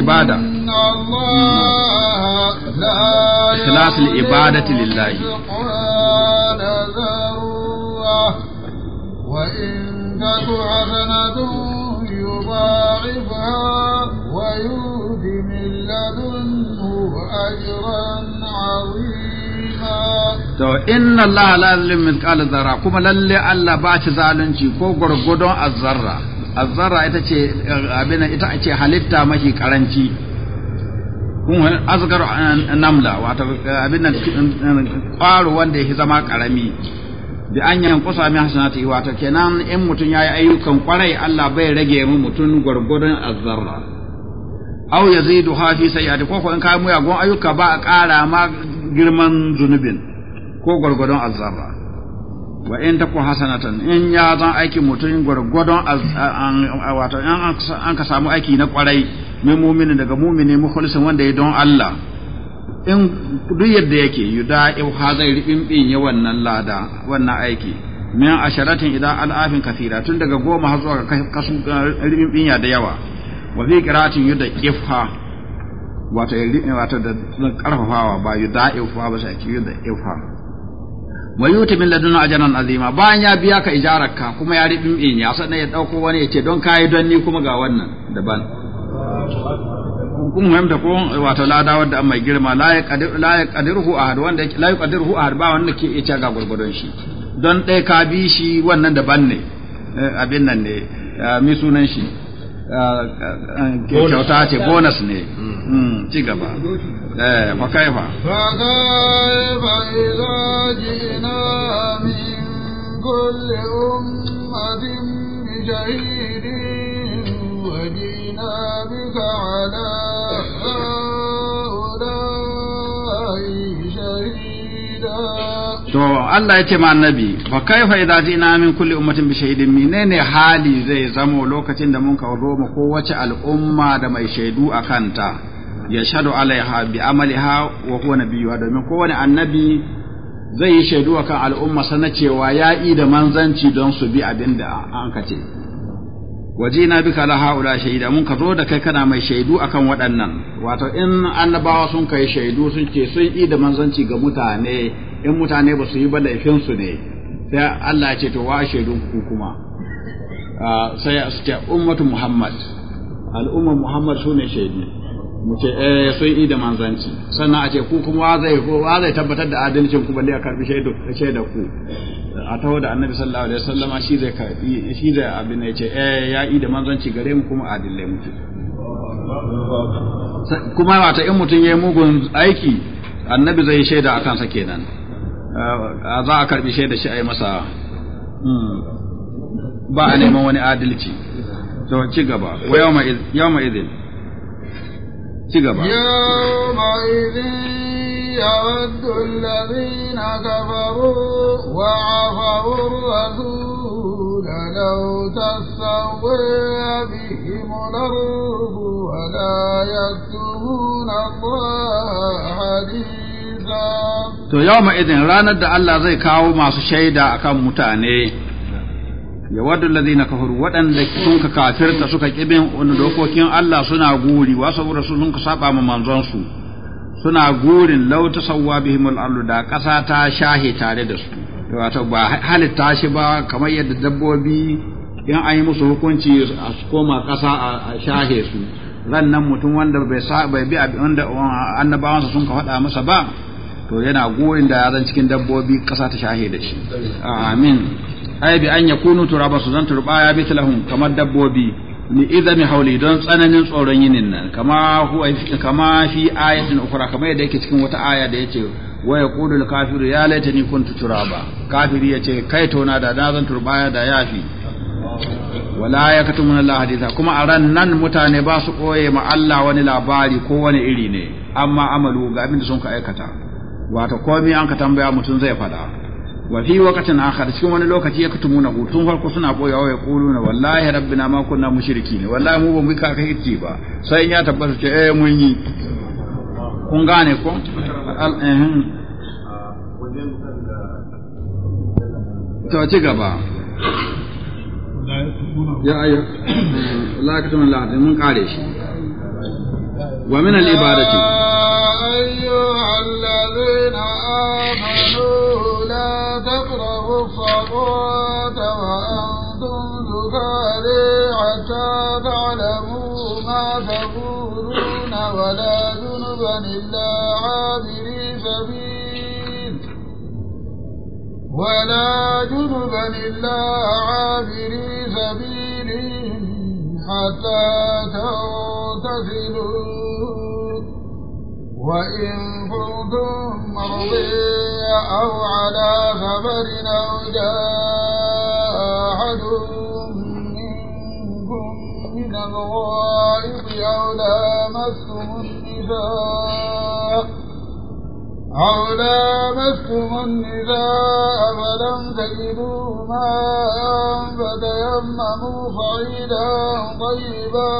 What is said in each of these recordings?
ibada ikhlas al-ibadati lillahi وإن تك حسنة يضاعفها ويؤتي من لدنه to inna Allah la yuzlimu mithqala dharra kuma lalle Allah ba ci zalunci ko gurgudon azzarra azzara ita ce abin ita ce halitta mafi karanci kun wani asgar namla wato abin nan kwaro wanda yake zama karami bi an yan kusa min hasanati wato kenan in mutum yayi ayyukan kwarai Allah bai rage mu mutum gurgurun azzarra aw yazidu ha fi sayyati ko ko in kai muyagun ayyuka ba a kara ma girman zunubin ko gurgurun azzarra wa in taku hasanatan in ya zan aikin mutum gwargwadon wato in an ka samu aiki na kwarai min muminin daga mumini mukhlisin wanda ya don Allah in duk yadda yake yuda ha zai bin ya wannan lada wannan aiki min asharatin idan al'afin kafira tun daga goma har zuwa kasu bin ya da yawa wa fi qiratin yuda ifha wato wato da karfafawa ba yuda ifha ba sai yuda ifha wa min ladun ajran azima bayan ya biya ka ijararka kuma ya ribin in ya sannan ya dauko wani ya ce don kai don ni kuma ga wannan daban kun da ko wato lada dawar an mai girma la ya qadir la ya qadiruhu ahad wanda la ya qadiruhu ahad ba wanda ke iya ga gurgurdon shi don dai ka bi shi wannan daban ne eh, abin nan ne eh, mi sunan shi eh, kyauta ce bonus ne hmm. Hmm, ci gaba eh fa To Allah ya ce ma annabi fa idza jina min kulli ummatin bi shahidin menene hali zai zamo lokacin da mun ka zo mu kowace al'umma da mai shaidu a kanta ya shaɗu alaiha bi amaliha wa huwa wa domin kowane annabi zai yi shaidu kan al'umma sana cewa ya yi da manzanci don su bi abin da an kace waje na bi kala haula shaida mun ka zo da kai kana mai shaidu akan waɗannan wato in annabawa sun kai shaidu sun ce sun yi da manzanci ga mutane in mutane ba su yi ba laifinsu ne sai Allah ya ce to wa shaidun ku kuma ah, sai su ce ummatu muhammad al'umma muhammad su ne shaidu mu ce eh sun yi da manzanci sannan a ce ku kuma wa zai wa zai tabbatar da adalcin ku balle a karbi shaidar ku a taho da annabi sallallahu alaihi wasallama shi zai shi zai abin ne ce eh ya yi da manzanci gare mu kuma adillai mu kuma wata in mutum yayi mugun aiki annabi zai shaida a kansa kenan za a karbi shaida shi a yi masa hmm, ba a neman wani adalci to ci gaba wa yawma idin cigaba ya ma'izi ya wadda lalzin a gabaru wa a faru da wuta ya tuhu na to ya ma'izi ranar da Allah zai kawo masu shaida a kan mutane ya wadda na kafaru waɗanda sun ka kafirta suka ƙibin wani dokokin Allah suna guri wa saboda su sun ka saba ma manzonsu suna gurin lauta sauwa sawwa bihim da ƙasa ta shahe tare da su wato ba halitta shi ba kamar yadda dabbobi in an yi musu hukunci a koma ƙasa a shahe su ran nan mutum wanda bai bai bi wanda annabawansa sun ka faɗa masa ba to yana gurin da ya zan cikin dabbobi ƙasa ta shahe da shi amin ay bi an yakunu turaba su zan turbaya mislahum kamar dabbobi li idami hauli don tsananin tsoron yinin nan kama huwa kama fi ayatin ukra kamar yadda yake cikin wata aya da yace wa yaqulu al kafiru ya laitani kuntu turaba kafiri yace kai na da na zan turbaya da yafi wala yakatumun Allah hadisa kuma a ran nan mutane ba su koye ma Allah wani labari ko wani iri ne amma amalu ga abin da sun ka aikata wato komai an ka tambaya mutum zai faɗa wa fi waqtin akhar cikin wani lokaci ya kutumuna hu tun farko suna boyawa ya kuluna wallahi rabbina ma kunna mushriki ne wallahi mu ba mu ka kai ba sai ya tabbata ce eh mun yi kun gane ko Ta ci gaba ya eh, eh, mun kare shi wa min al-ibadati ayyuhal ladina amanu تَكْرَهُوا الصلاة وأنتم سكاري حتى تعلموا ما تقولون ولا جنبا إلا عابري سبيل ولا جنبا إلا عابري سبيل حتى تغتسلوا وإن كنتم مرضي أو على خبر أو جاء أحد منكم من الغائب أو لامستم النساء أو لامستم النساء فلم تجدوا ماء فتيمموا صعيدا طيبا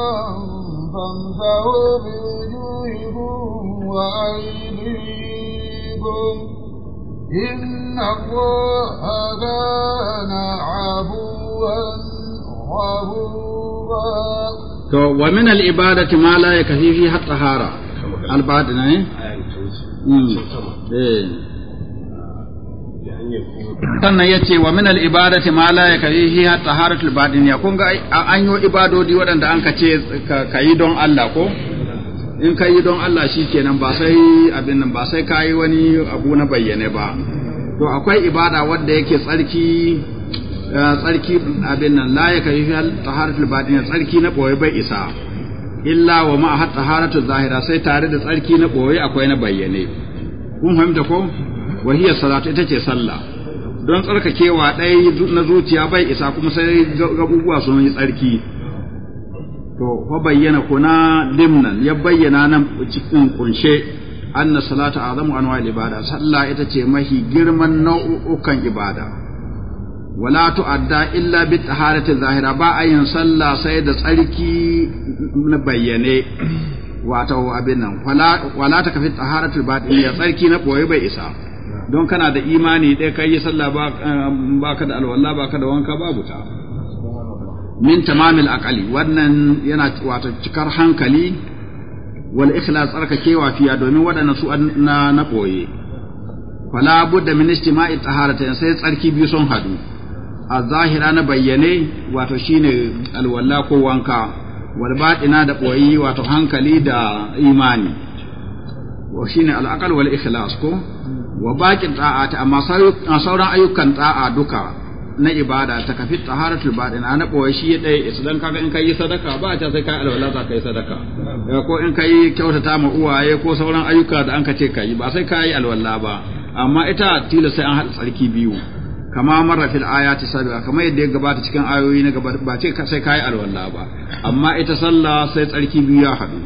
فامسحوا بوجوهكم وأيديكم to wa min al ibadati ma la yakfi fi hatta hara al badina ne hmm. eh. sannan ya ce wa min al ibadati ma la yakfi fi hatta hara al ne kun ga an yo ibadodi waɗanda an ka ce ka yi don Allah ko in ka yi don Allah shi kenan ba sai abin nan ba sai ka yi wani abu na bayyane ba to akwai ibada wadda yake tsarki eh, tsarki abin nan la yaka yi taharatul badin tsarki na boye bai isa illa wa ma hatta taharatu zahira sai tare da tsarki na boye akwai na bayyane kun fahimta ko wa hiya salatu ita ce sallah don tsarkakewa ɗaya na zuciya bai isa kuma sai gabubuwa sun yi tsarki to fa bayyana kuna limnan ya bayyana nan cikin kunshe anna salata azamu anwa ibada sallah ita ce mahi girman nau'ukan ibada wala tu'adda illa bi taharati zahira ba ayin sallah sai da tsarki na bayyane wato abin nan wala ta kafi taharatu ya tsarki na boye bai isa don kana da imani ɗaya kai sallah ba ka da alwala ba ka da wanka babu ta min tamamil aqali wannan yana wato cikar hankali wal ikhlas tsarkakewa fiya domin waɗannan su na na boye fala budda min istima'i taharata sai tsarki biyu sun hadu a zahira na bayyane wato shine alwala ko wanka wal batina da boye wato hankali da imani wa shine al aqal wal ikhlas ko wa baqi ta'ata amma sauran ayyukan ta'a duka na ibada ta kafi taharatul batina na bawa shi dai idan kaga in kai sadaka ba ta sai kai alwala za kai sadaka ko in kai kyautata ma uwaye ko sauran ayyuka da an ka ce kai ba sai kai alwala ba amma ita tilo sai an hada tsarki biyu kama marra fil ayati sabiqa kamar yadda ya gabata cikin ayoyi na gaba ba ce sai kai alwala ba amma ita sallah sai tsarki biyu ya haɗu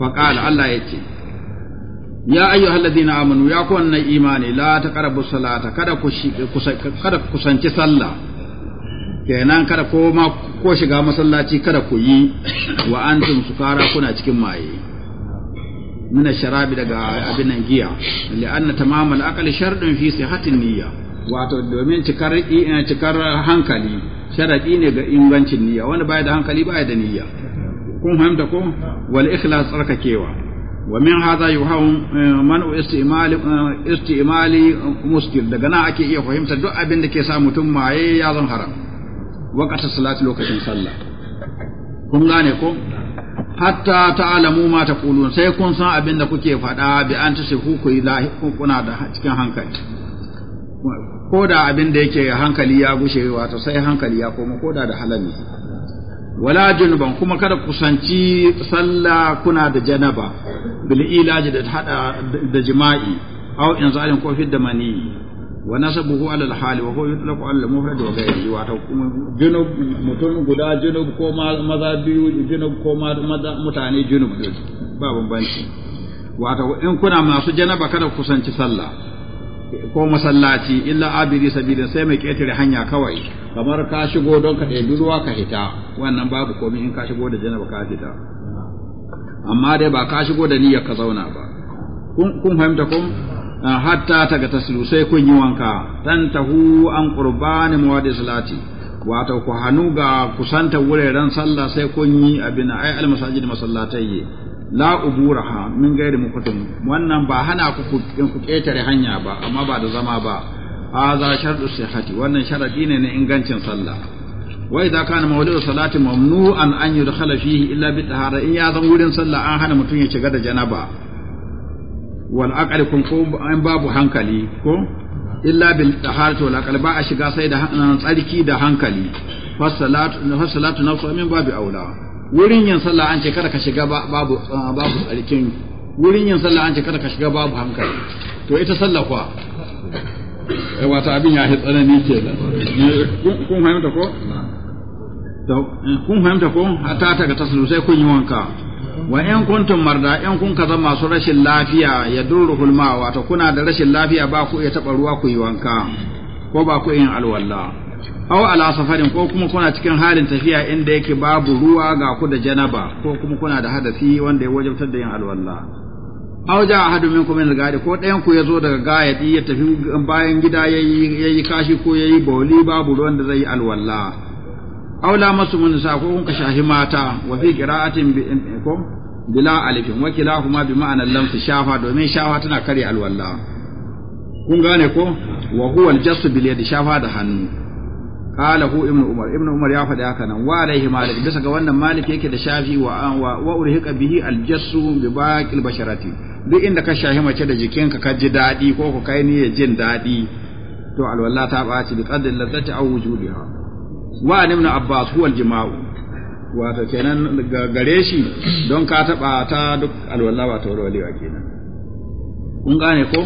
fa qala Allah yake ya ayyuhal ladina amanu ya ku wannan imani la taqrabu salata kada ku kada ku kusanci sallah kenan kada ko ma ko shiga masallaci kada ku yi wa antum sukara kuna cikin maye min sharabi daga abin nan giya li anna tamam al aqli shartun fi sihhatin niyya wato domin cikar eh, cikar hankali sharadi ne ga ingancin niyya wanda baya da hankali baya da niyya kun fahimta ko wal ikhlas tsarkakewa ومن هذا يفهم منع استعمال استعمال مسكر daga nan ake iya fahimtar duk abin da ke sa mutum maye ya zan haram waqata salati lokacin sallah kun gane ko hatta ta'lamu ma taqulun sai kun san abin da kuke faɗa bi an tasihu ku ilahi kuna da cikin hankali ko da abin da yake hankali ya gushe wato sai hankali ya koma ko da da halali wala junuban kuma kada kusanci sallah kuna da janaba bil ilaji da hada da jima'i aw inzalin ko fidda mani wa nasabuhu ala al hali wa huwa yutlaqu ala al mufrad wa ghayrihi wa junub mutum guda junub ko maza biyu junub ko maza mutane junub ba bambanci wato in kuna masu janaba kada ku kusanci sallah ko masallaci illa abiri sabilin sai mai ketare hanya kawai kamar ka shigo don ka ɗebi ruwa ka hita wannan babu komai in ka shigo da janaba ka hita. amma dai ba ka shigo da niyyar ka zauna ba kun fahimta kun ah, hatta ta ga tasiru sai kun yi wanka dan tahu an qurbani muwadi salati wato ku hanu ga kusanta wuraren sallah sai kun yi abin ai al masajid masallatai la uburaha min gairi mukutum wannan ba hana ku ku ketare hanya ba amma ba da zama ba hadha shartu sihhati wannan sharadi ne na ingancin sallah wa idza kana mawlidu salati mamnu'an an yudkhala fihi illa bi tahara in ya zan wurin sallah an hana mutum ya shiga da janaba wal ko an babu hankali ko illa bil taharati wal aqal ba a shiga sai da tsarki da hankali fasalatu fasalatu nafsu min babu aula wurin yin sallah an ce kada ka shiga babu babu tsarkin wurin yin sallah an ce kada ka shiga babu hankali to ita sallah Eh, wata abin ya fi tsanani ke eh, kun fahimta ko? Eh, kun fahimta ko hatta ta ga tasiru sai kun yi wanka wa in kuntum marda in kun ka zama su rashin lafiya ya duru hulma wato kuna da rashin lafiya ba ku iya taba ruwa ku yi wanka ko ba ku yin alwala aw ala safarin ko kuma kuna cikin halin tafiya inda yake babu ruwa ga ku da janaba ko kuma kuna da hadasi wanda ya wajabtar da yin alwala aw ja ahadu minkum min al ko ɗayan ku yazo daga gayadi ya tafi bayan gida yayi yayi kashi ko yayi bauli babu ruwan da zai alwalla aw la mun sa ko kun ka shahi mata wa fi qira'atin bi ko bila alifin wa kilahuma bi ma'ana lam shafa domin shafa tana kare alwalla kun gane ko wa huwa al-jassu bil yadi shafa da hannu qala hu ibnu umar ibnu umar ya faɗi haka nan wa alaihi malik bisa ga wannan malik yake da shafi wa wa urhiqa bihi al-jassu bi baqil basharati duk inda ka shahi mace da jikinka ka ji daɗi ko ku kai niyyar jin daɗi to alwala ta ɓaci bi qadrin lazzati aw wujudiha wa ibn abbas huwa aljima'u wato kenan gare shi don ka taɓa ta duk alwala ba ta walwalewa kenan kun gane ko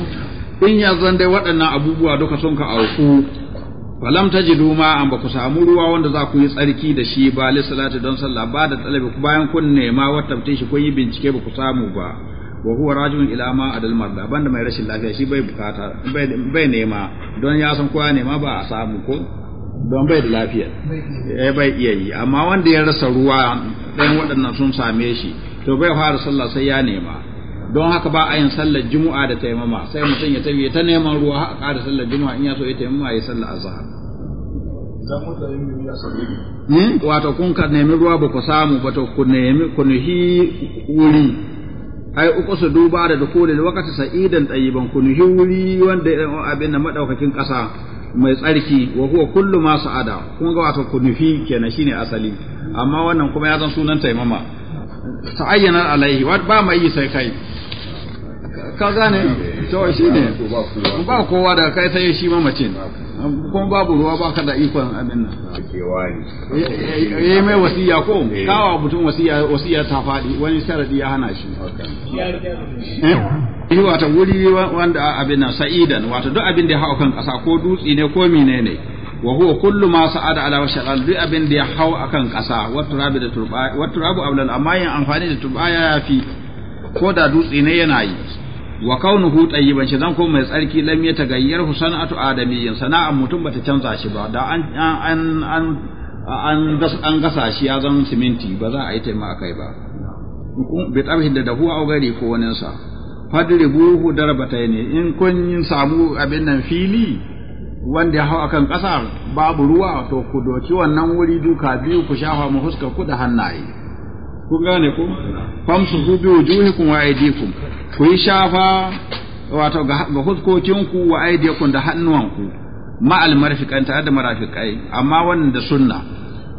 in ya zan dai waɗannan abubuwa duka sun ka auku falam tajidu ma an ba ku samu ruwa wanda za ku yi tsarki da shi ba li salati don sallah ba da talabi bayan kun nema wata shi kun yi bincike ba ku samu ba wa huwa rajulun ila ma adal marda banda mai rashin lafiya shi bai bukata bai nema don ya san kowa nema ba a samu ko don bai da lafiya eh bai iya yi amma wanda ya rasa ruwa dan waɗannan sun same shi to bai fara sallah sai ya nema don haka ba a yin sallar juma'a da taimama sai mutum ya tafi ta neman ruwa har a ƙara sallar juma'a in ya so ya taimama ya sallar azhar hmm? wato kun ka nemi ruwa ba ku samu ba to ku nemi ku nuhi wuri ai uku su duba da dukulil wakati sa'idan tayyiban kunu wuri wanda abin nan madaukakin kasa mai tsarki wa huwa kullu ma sa'ada kun ga wato fi kenan shine asali amma wannan kuma ya zan sunan taimama ta'ayyana alaihi wa ba mai sai kai ka gane to shine ba kowa da kai sai shi mamacin kuma babu ruwa ba ka da ikon abin nan yi eh, eh, eh, mai wasiya ko kawo mutum wasiya ta fadi wani sharadi ya hana shi eh wata wuri wanda abin nan sa'idan wata duk abin da ya hau kan kasa ko dutsi ne ko mine ne wa huwa kullu ma sa'ada ala washal duk abin da ya hau akan kasa wa turabi da turba wa turabu ablan amma yin amfani da turba ya fi ko da dutse ne yana yi wa kaunuhu tayyiban shi zan ko mai tsarki lam ya tagayyar husanatu adamiyyin sana'an mutum bata canza shi ba da an an an an an gasa shi ya zan siminti ba za a yi taima akai ba bi tsabhin da dahu au gari ko wani sa fadribuhu ne in kun samu abin nan fili wanda ya hau akan ƙasa babu ruwa to ku doki wannan wuri duka biyu ku shafa mu huska ku da hannaye kun gane ku famsuhu bi wujuhikum wa aydikum ku yi shafa wato ga huskokinku wa aydikum da hannuwanku ma almarfiqan ta da marafiqai amma wannan da sunna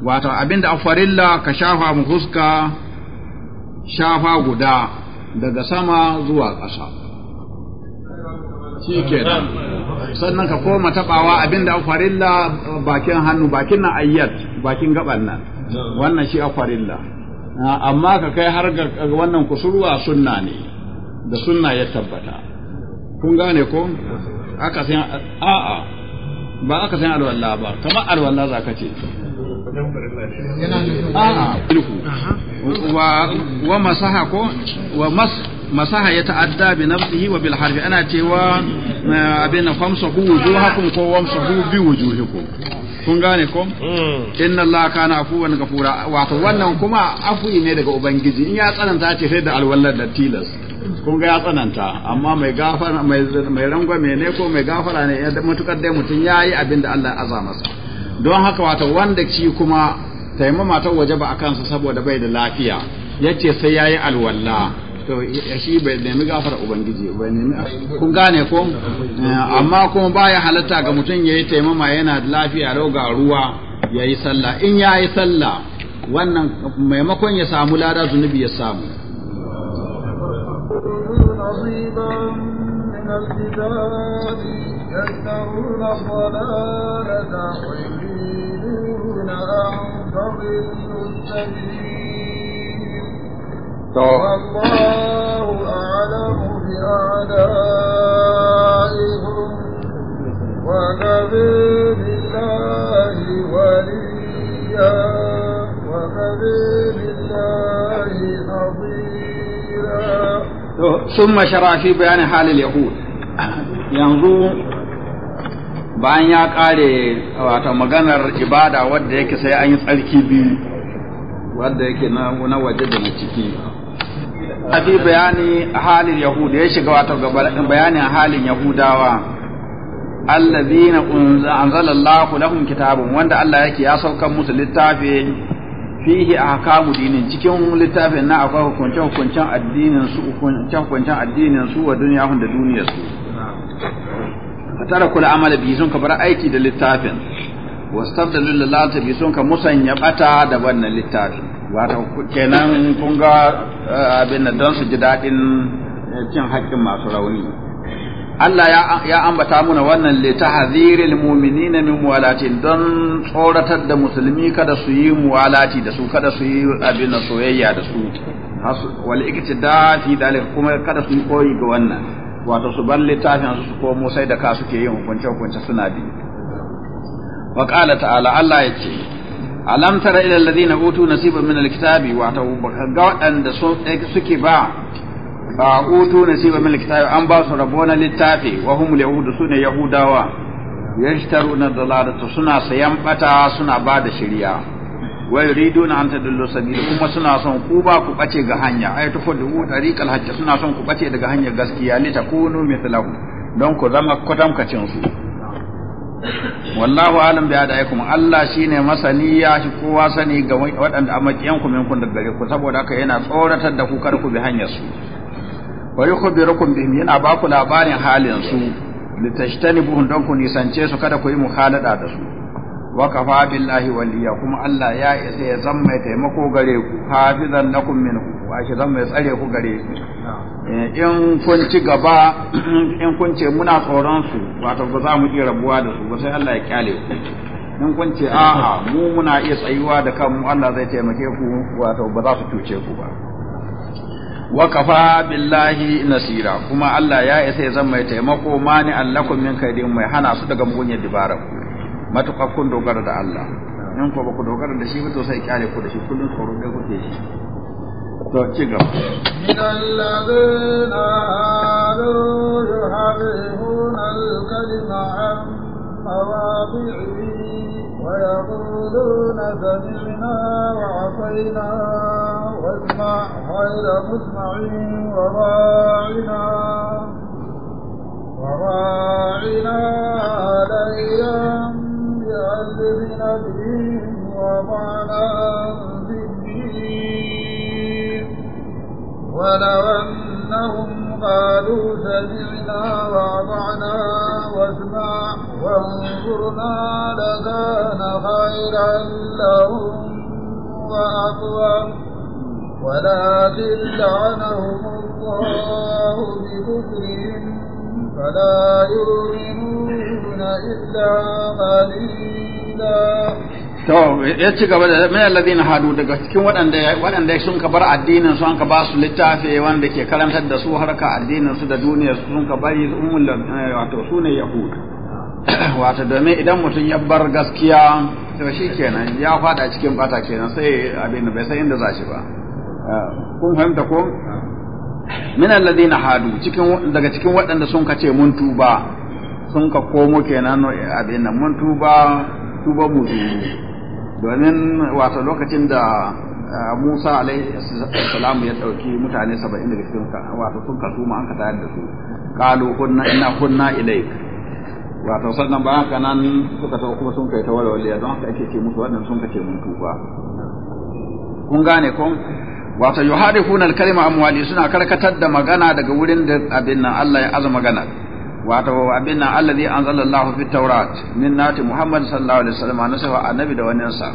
wato abinda afarilla ka shafa mu huska shafa guda daga sama zuwa ƙasa shi kenan sannan ka koma tabawa abinda afarilla bakin hannu bakin nan ayyat bakin gaban nan wannan shi afarilla Ah, amma ka kai har ga wannan kusurwa sunna ne da sunna ya tabbata kun gane ko aka san a'a ba aka san alwala ba kamar alwala za ka ce a'a wa wa masaha ko wa mas masaha ya ta'adda bi nafsihi wa bil harfi ana cewa eh, abin famsahu wujuhakum ko wamsahu bi wujuhikum kun gane ko hmm. inna allaha kana afuwan gafura wato wannan kuma afu ne daga ubangiji in ya tsananta ce sai da alwallar da tilas kun ga ya tsananta amma mai gafara mai mai rangwame ne ko mai gafara ne ya mutukar dai mutun yayi abinda Allah ya azama masa don haka wato wanda ci kuma taimama ta waje ba akan sa saboda bai da lafiya yace sai yayi alwalla to shi bai nemi gafara ubangiji bai nemi kun gane ko eh, amma kuma baya halatta ga mutum yayi taimama yana da lafiya rau ga ruwa yayi sallah in yayi sallah wannan maimakon ya samu lada zunubi ya samu الضلالة ويريدون أن تضلوا السبيل to Allahu a'lamu bi a'daihim wa kafi billahi waliya wa kafi billahi azira to yanzu bayan ya kare wata maganar ibada wadda yake sai an yi tsarki biyu wadda yake na waje da na ciki Abi bayani halin yahuda ya shiga wato bayanin halin yahudawa allazina anzala Allahu lahum kitabun wanda Allah yake ya sauka musu littafi fihi ahkamu dinin cikin littafin na akwai hukuncen hukuncen addinin su hukuncen hukuncen addinin su wa hun da duniyar su fatara kula amala bi sun ka bar aiki da littafin wastabdalu lillahi bi sun ka musanya bata da wannan littafin wato kenan kun ga eh, abin da don su ji daɗin eh, cin haƙƙin masu rauni Allah ya ambata muna wannan li tahziril mu'minina min muwalatin don tsoratar da musulmi kada su yi muwalati da su kada su yi abin soyayya da su wal iktida fi dalil kuma kada su koyi ga wannan wato su bar littafin su komo sai da ka suke yin hukunce hukunce suna bi wa qala ta'ala Allah ya ce alam tara ila alladhina utu nasiban min alkitabi wa ta ga wadanda eh, suke ba ba utu nasiban min alkitabi an ba su rabo na littafi wa hum alyahudu sune yahudawa yashtaruna dalalata suna sayan bata suna ba da shari'a wa yuriduna an tadullu sabila kuma suna son ku ba ku bace ga hanya ay tufaddu tariqal hajj suna son ku bace daga hanyar gaskiya litakunu mithlahu don ku zama kwatamkacin su wallahu alam bi adaikum Allah shine masani ya shi kowa sani ga waɗanda amakiyan ku kun da gare ku saboda haka yana tsoratar da ku kar ku bi hanyar su wa yukhbirukum bihim yana ba ku labarin halin su litashtanibuhum don ku nisance su kada ku yi muhalada da su wa kafa billahi waliya kuma Allah ya isa ya zan mai taimako gare ku hafizan nakum min wa shi zan mai tsare ku gare ku eh, in kun ci gaba in kun ce muna tsoron su wato ba za mu iya rabuwa da su ba sai Allah ya kyale ku in kun ce a'a mu muna iya tsayuwa da kanmu Allah zai taimake ku wato ba za su cuce ku ba wa kafa billahi nasira kuma Allah ya isa ya zan mai taimako mani allakum min kaidin mai hana su daga mugunyar dibarar ku matuƙa kun dogara da Allah in ko ba ku dogara da shi ba to sai kyale ku da shi kullum tsoro da kuke shi to ci gaba min alladhina al-kalima wa yaquluna sami'na wa وراعنا وضل عن ولو أنهم قالوا سمعنا وأطعنا واسمع وانظرنا لكان خيرا لهم وأقوم ولكن لعنهم الله بكفرهم فلا يؤمنون إلا قليلا to ya ci gaba da alladhi na hadu daga cikin waɗanda waɗanda sun ka bar addinin su an ka ba su littafi wanda ke karantar da su harka addinin su da duniyar su sun ka bari ummul eh, wato su ne yahud wato domin idan mutum ya bar gaskiya to shikenan ya fada cikin bata kenan sai abin da bai san inda za shi ba ah, kun fahimta ko min alladhina hadu cikin daga cikin waɗanda sun ka ce mun tuba sun ka komo kenan abin nan mun tuba tuba mu domin wato lokacin da eh, Musa alaihi salam ya dauki mutane 70 daga cikin wato sun kasu mu an ka tayar da su qalu kunna inna kunna ilaik wato sannan ba haka nan suka tawo kuma sun kai tawala walliya don haka ake ce musu wannan sun kace mun tuba kun gane kun wato yuhadifuna al-kalima amwali suna karkatar da magana daga wurin da abin nan Allah ya azama magana wato abin nan allazi anzalallahu fi tawrat min nati muhammad sallallahu alaihi wasallam nasawa annabi da wannan sa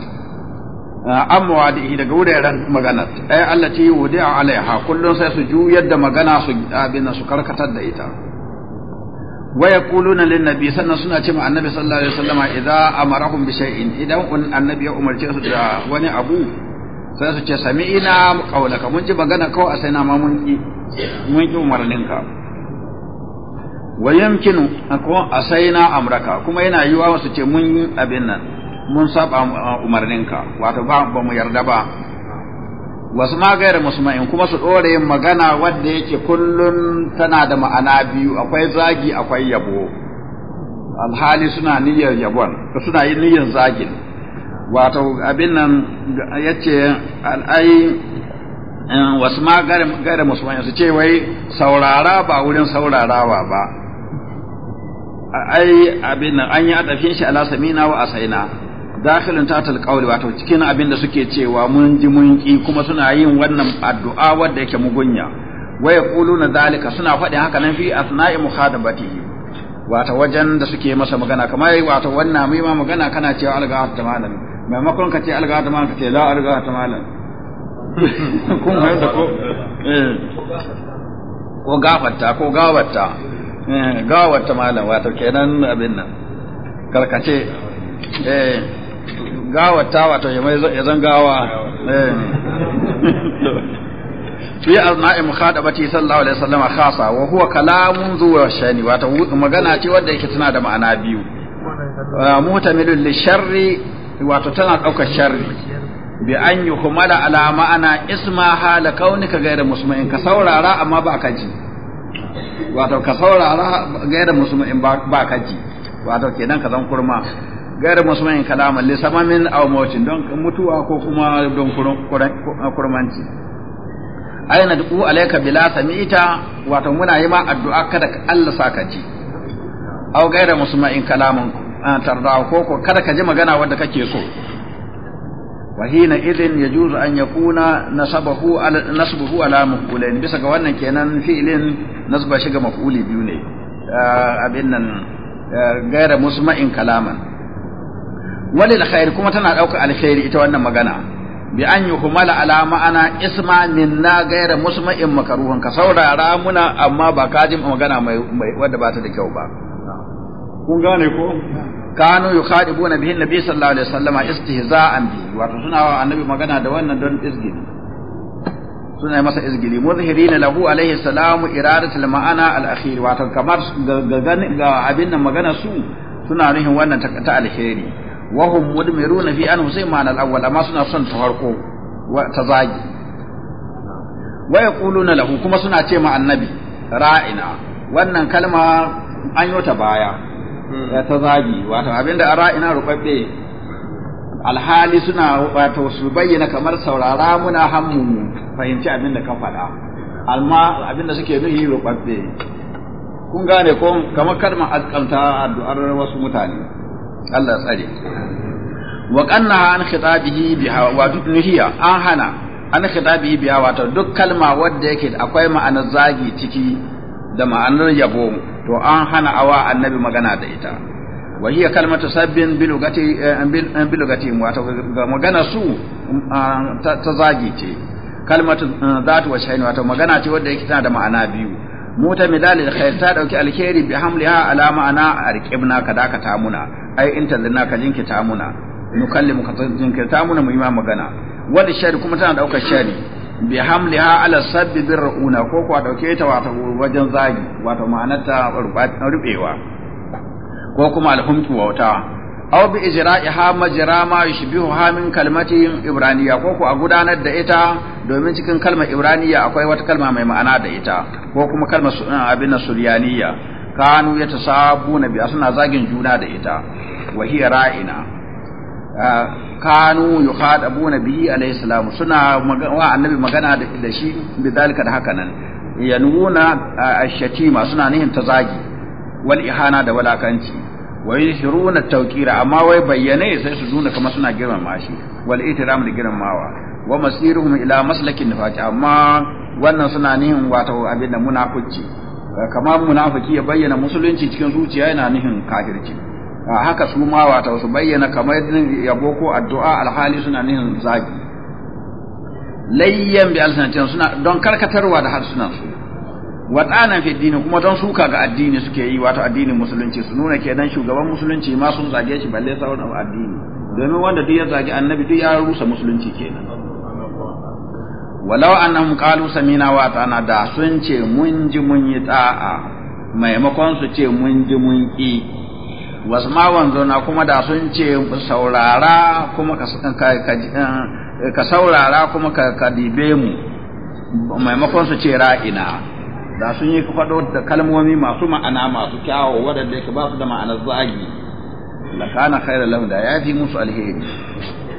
ah, amma wadihi daga wuraren magana ai allati wudi'a alaiha kullun sai su juyar da magana su abin su karkatar da ita wa yaquluna lin nabi sannan suna annabi sallallahu alaihi wasallam idza amarahum bi shay'in idan annabi ya umarce su da wani abu sai su ce sami'ina qawlaka mun ji magana kawai sai na ma mun ki mun ki umarninka wa yamkinu ko asaina amraka kuma yana yiwa su ce mun abin nan mun saba umarninka wato ba ba mu yarda ba wasu ma gairar musulmai kuma su ɗora yin magana wadda yake kullum tana da ma'ana biyu akwai zagi akwai yabo alhali suna niyyar yabon suna yin niyyar zagin wato abin nan yace al'ai eh, wasu ma gairar musulmai su ce wai saurara ba wurin saurarawa ba ai abin nan an yi adafin shi ala samina wa asaina dakhilun ta talqaul wato cikin abin da suke cewa mun ji mun ki kuma suna yin wannan addu'a wanda yake mugunya wa yaquluna zalika suna faɗin haka nan fi asna'i muhadabatihi wato wajen da suke masa magana kamar wato wannan mai ma magana kana cewa alga ta malam maimakon ka ce alga ta malam ka ce la alga ta malam kun ga ko eh. ko gafarta ko gawarta Eh, gawar ta malam wato kenan abin nan karkace eh gawar ta wato ya mai zan gawa eh fi azna'i mukhadabati sallallahu alaihi wasallam khasa wa huwa kalamun zuwa shani wato magana ce wanda yake tana da ma'ana biyu eh, mutamilul lisharri wato tana daukar sharri bi an yuhmala ala ma'ana isma hala kaunika ghayra muslimin ka saurara amma ba ka ji wato ka saurara gaira musulmin ba kaji wato kenan ka zan kurma gaira musulmin li lisamamin aw mawcin don mutuwa ko kuma don kurmanci aina duku alayka bila samita wato muna yi ma addu'a kada Allah saka ji aw gaira musulmin kalaman ah, tarda ko ko kada ka ji magana wanda kake so وحين إذن يجوز أن يكون نصبه على نصبه على مفعولين بس كوانا كينان فعل نصب شيء مفعول بيوني أبنا غير مسمع كلاما وللخير كما تنا أوك على خير إتوانا مغانا بأن يكمل على معنى اسمع منا غير مسمع مكروها كسورة رامنا أما بكاجم مغانا ودبات دكيوبا kun gane ko kanu yukhadibuna bihi nabi sallallahu alaihi wasallam istihza'an bi wato suna wa annabi magana da wannan don izgili suna masa izgili muzhirin lahu alaihi salamu iradatul ma'ana al akhir wato kamar ga abin nan magana su suna nuhin wannan ta alheri wa hum mudmiruna fi anhu sai ma'ana al awwal amma suna son ta farko ta zagi wa yaquluna lahu kuma suna ce ma annabi ra'ina wannan kalma an yota baya Hmm. ya ta zagi wato abinda ara ina rubabbe alhali suna wato su bayyana kamar saurara muna hammu fahimci abinda ka faɗa amma abinda suke nuhi rubabbe kun gane ko kamar kalma azkamta addu'ar wasu mutane Allah tsare wa qanna an khitabihi biha wa tudhiya an hana an khitabihi biha wato duk kalma wadda yake akwai ma'anar zagi ciki da ma'anar yabo to an hana awa annabi magana da ita wa hiya kalmatu sabbin bi lugati eh, eh, bi lugati wato ga magana su mm, ah, ta zagi ce kalmatu eh, zatu wa shayni wato magana ce wanda yake tana da ma'ana biyu mota midali da khair ta dauki alkhairi bi hamliha ala ma'ana arqibna kada ka tamuna ai tallina ka ta muna nukallimu ka ta muna mu yi magana wani shari kuma tana daukar shari bi hamliha ala sabbi birruna ko ko dauke ta wato wajen zagi wato ma'anarta rubewa ko kuma alhumtu wata aw bi ijra'iha majra ma yushbihu ha min kalmatin ibraniya ko a gudanar da ita domin cikin kalmar ibraniya akwai wata kalma mai ma'ana da ita ko kuma kalmar ah, abin suryaniya kanu yatasabuna bi asna zagin juna da ita wa hiya ra'ina kanu yukhadabuna bihi alayhi salamu suna wa annabi magana da shi dalika da haka nan ya nuna shatima suna nihin zagi. wal ihana da walakanci wa shiruna tawqira amma wai bayyane sai su nuna kama suna girmama shi wal itiram da mawa wa masiruhum ila maslakin nifaqi amma wannan suna nihin wata abin da munafuki kamar munafiki ya bayyana musulunci cikin zuciya yana nihin kafirci haka su ma wata su bayyana kamar yabo ko addu'a alhali suna nihin zagi layyan bi alsanatin suna don karkatarwa da harsunan su wadana fi dini kuma don suka ga addini suke yi wato addinin musulunci su nuna kenan shugaban musulunci ma sun zage shi balle sauran addini domin wanda duk ya zagi annabi duk ya rusa musulunci kenan walau annahum qalu samina wa atana da sun ce mun ji mun yi ta'a maimakon su ce mun ji mun ki wasu ma wanzona kuma da sun ce saurara kuma ka saurara kuma ka dibe mu maimakon su ce ra'ina da sun yi faɗo da kalmomi masu ma'ana masu kyawo waɗanda yake ba su da ma'anar zagi la kana khairal lahum da yafi musu alheri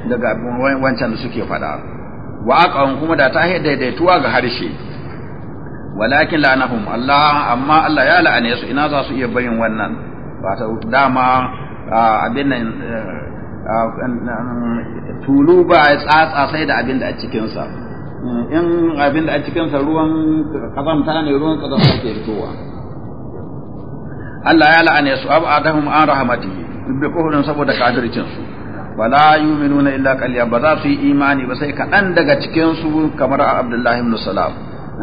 daga wancan da suke faɗa wa aqan kuma da ta daidaituwa ga harshe walakin la'anahum Allah amma Allah ya la'ane su ina za su iya bayin wannan wato dama abin nan tulu ba ya tsatsa sai da abin da a cikinsa in abin da a cikinsa ruwan kazamta ne ruwan kazamta ke fitowa Allah ya la'ane su adahum an rahmati bi kuhurin saboda kafircin su wala yu'minuna illa qalila ba za su yi imani ba sai kaɗan daga cikin su kamar Abdullahi ibn Salam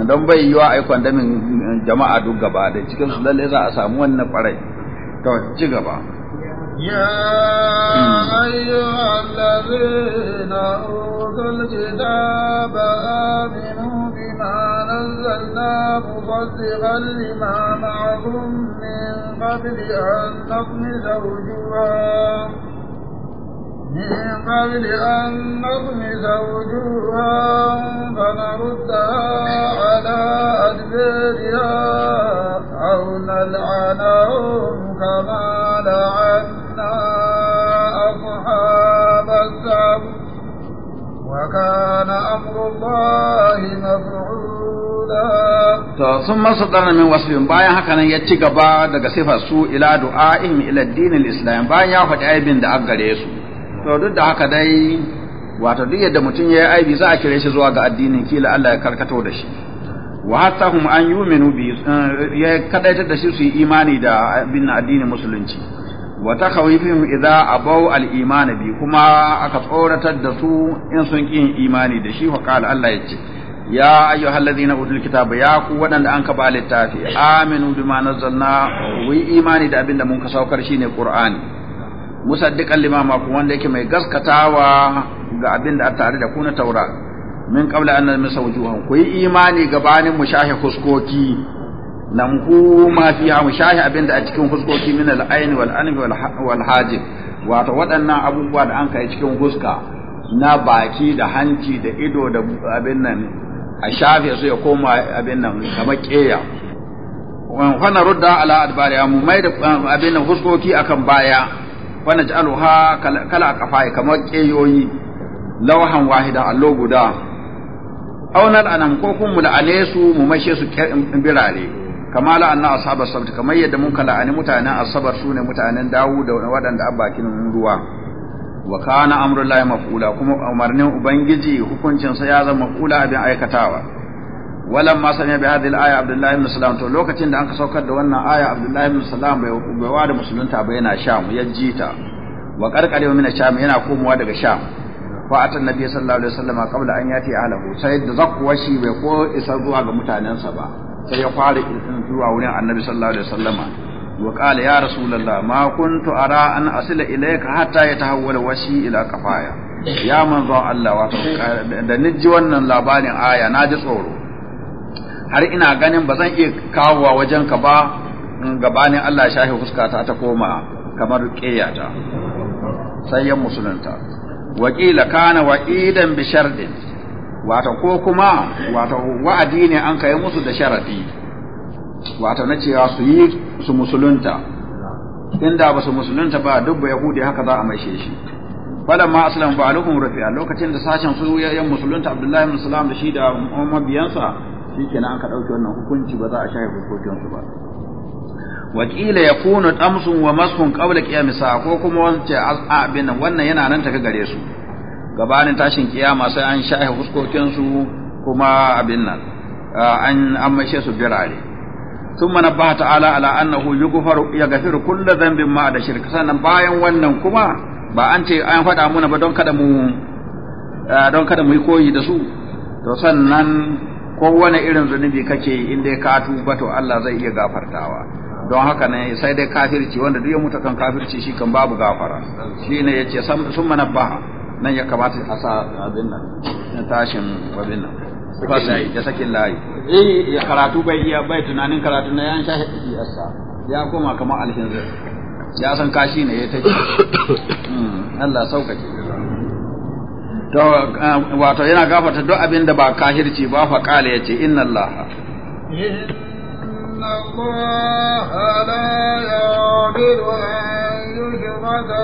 don bai yiwa aikon damin jama'a duk gaba da cikin su lalle za a samu wannan farai to ci gaba يا أيها الذين أوتوا الكتاب آمنوا بما نزلنا مصدقا لما معكم من قبل أن نطمس وجوها من قبل أن نطمس وجوها فنرد على أدبارها أو نلعنهم كما لعنا أصحاب السبت وكان أمر الله مفعولا To sun masa min wasfin bayan haka nan ya ci gaba daga sifar su ila du'a'in ila addinin islam bayan ya faɗi aibin da aggare su to duk da haka dai wato duk yadda mutum ya yi aibi za a kire shi zuwa ga addinin kila Allah ya karkato da shi wa hatta hum an yuminu bi eh, ya kadaitar da shi su yi imani da bin addinin musulunci wa takhawifihim idza abaw al iman bi kuma aka tsoratar da su in sun kin imani da shi wa qala Allah ce. ya ayyuhal ladina utul kitaba ya ku wadanda an ba littafi aminu bima nazzalna wa imani da abinda mun ka saukar shine qur'ani musaddiqan lima kuma wanda yake mai gaskatawa ga abin da a tare da ku na taura min qabla an namisa wujuhan ku yi imani gabanin mushahi huskoki ku ma fiha mushahi abin da a cikin huskoki min al-ayn wal anfi wal hajib wato waɗannan abubuwa da an kai cikin huska na baki da hanci da ido da abin nan a shafe su ya koma abin nan kamar keya wannan rudda ala adbariya mu mai da abin nan huskoki akan baya wa naj'aluha kala qafai kamar keyoyi lawhan wahida allo guda aunar anan ko kun mu la'ane su mu mashe su birare kama la'anna ashabar sabta kamar yadda mun la'ani mutanen asabar sune mutanen dawu da waɗanda abakin ruwa wa kana lahi maf'ula kuma umarnin ubangiji hukuncin sa ya zama maf'ula abin aikatawa ولما سمع بهذه الآية عبد الله بن سلام تو lokacin da anka saukar da wannan aya Abdullahi ibn Salam bai bai wa da musulunta bai yana sha ya jita wa karkare min Sham yana komowa daga sha fa atan nabi sallallahu alaihi wasallam kabla an yati ahlahu sai da zakwa washi bai ko isa zuwa ga mutanensa ba sai ya fara kirkin zuwa wurin annabi sallallahu alaihi wasallama wa qala ya rasulullah ma kuntu ara an asila ilayka hatta ya yatahawwala washi ila kafaya ya manzo Allah wato da niji wannan labarin aya naji tsoro har ina ganin ba zan iya kawowa wajen ka ba gabanin Allah shahi fuskata ta koma kamar ƙeyata sai yan musulunta wakila kana wa'idan bi shardin wato ko kuma wato wa'adi ne an kai musu da sharadi wato na cewa su yi su musulunta inda ba su musulunta ba duk ba yahudi haka za a maishe shi bala ma aslan ba alhum rafi'a lokacin da sashen su yan musulunta abdullahi ibn salam da shi da mabiyansa shikenan aka dauke wannan hukunci ba za a shaye hukuncin ba wakila kuna tamsun wa masun qabla qiyam sa'a ko kuma wance abin wannan yana nan taka gare su gabanin tashin kiyama sai an shafe fuskokinsu kuma abin nan an ammashe su birare ثم نبه تعالى على انه يغفر يغفر كل ذنب ما da shirka sannan bayan wannan kuma ba an ce an faɗa muna ba don kada mu don kada mu yi koyi da su to sannan Ko wani irin zunubi kake inda ka tuba to Allah zai iya gafartawa don haka ne sai dai kafirci wanda duk ya mutu kan kafirci shi kan babu gafara shine yace sun manabbaha nan ya kamata a sa abin nan tashin abin nan fasai da sakin layi eh ya karatu bai iya bai tunanin karatu na yan shahidi iyarsa ya koma kamar alhinzir ya san kashi ne ya take hmm, Allah sauƙaƙe to eh, wato yana gafarta duk abin da ba kahirci ba fa kala yace inna allaha inna allaha la yaghfiru yushraka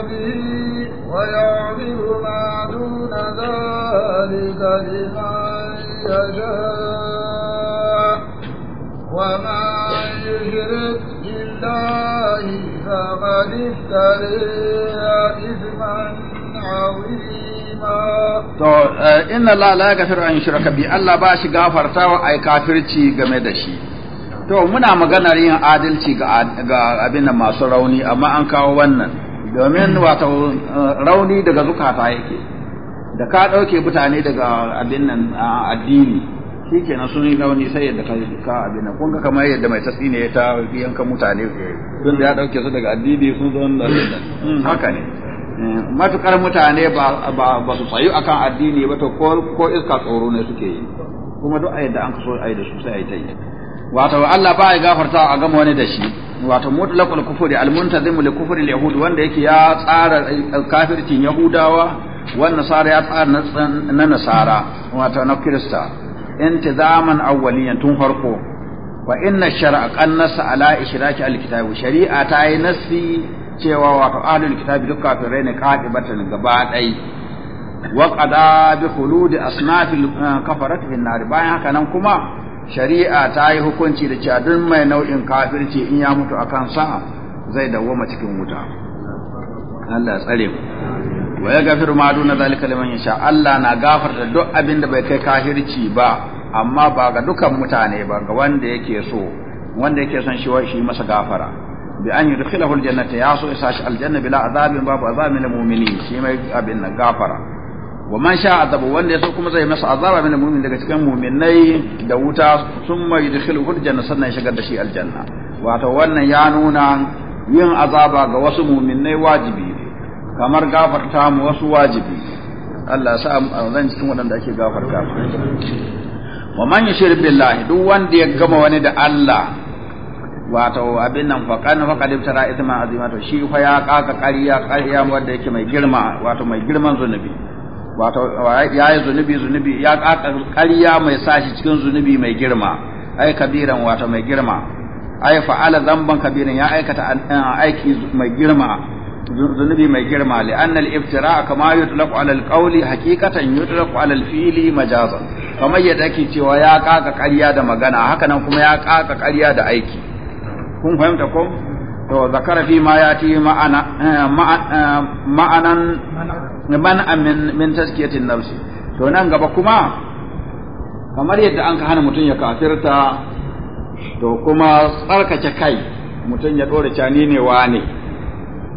wa yaghfiru ma duna dhalika liman yasha wa ma yushrik billahi to eh, inna la la ga an shirka bi Allah ba shi gafarta wa ai kafirci game da shi to muna maganar yin adalci ga ga abin da masu rauni amma an kawo wannan domin wato eh, rauni daga zukata yake da ka dauke mutane daga abin nan addini na sun yi rauni sai yadda ka ka abin nan kunga kamar yadda mai tatsi ne ta yanka mutane eh, tun da ya dauke su daga addini sun zo hmm, haka ne Eh, matukar mutane ba su tsayu akan addini ba to ko iska tsoro ne suke yi kuma duk ayyar da an kaso ayi da su sai ayi ta yi wato Allah ba ya gafarta a gama wani da shi wato mutlaqul kufuri almuntazim li kufri alyahud wanda yake ya tsara kafircin yahudawa wannan ya tsara na nasara wato na kirista intizaman awwaliyan tun farko wa inna shar'a qannasa ala ishraki alkitab shari'a ta yi nasi cewa wato ahlul kitabi duk kafirai ne qatibatan gaba dai wa qada bi khuludi asnafil eh, kafarati fin nar bayan haka nan kuma shari'a ta yi hukunci da cewa duk mai nau'in kafirci in ya mutu akan sa zai dawoma cikin wuta Allah tsare mu wa ya gafiru ma duna zalika liman yasha Allah na gafarta duk abin da bai kai kafirci ba amma ba ga dukan mutane ba ga wanda yake so wanda yake son shi shi masa gafara bi an yudkhilahu aljannata ya so isa shi aljanna bila wa man sha azabu wanda yaso kuma zai masa azaba min mu'min daga cikin mu'minai da wuta summa da wannan ya nuna yin azaba ga wasu mu'minai wajibi ne kamar gafarta mu wasu wajibi Allah ya sa zan cikin waɗanda ake gafarta wa man yushrik billahi duk wanda ya gama wani da Allah wato abin nan fa kana fa kadib tara isma azimata shi fa ya kaka ƙarya ƙarya wanda yake mai girma wato mai girman zunubi wato ya yi zunubi zunubi ya kaka ƙarya mai sashi cikin zunubi mai girma ai kabiran wato mai girma ai fa'ala zamban kabiran ya aikata aiki mai girma zunubi mai girma li anna al iftira kama yutlaqu ala al qawli haqiqatan yutlaqu ala al fi'li majazan kamar yadda ake cewa ya kaka ƙarya da magana haka nan kuma ya kaka ƙarya da aiki kun fahimta ko to zakara fi ma yati ma'ana eh, eh, ma'anan man amin min tazkiyatin nafsi to nan gaba kuma kamar yadda an ka hana mutum ya kafirta to kuma tsarkake kai mutum ya dora cani ne wa ne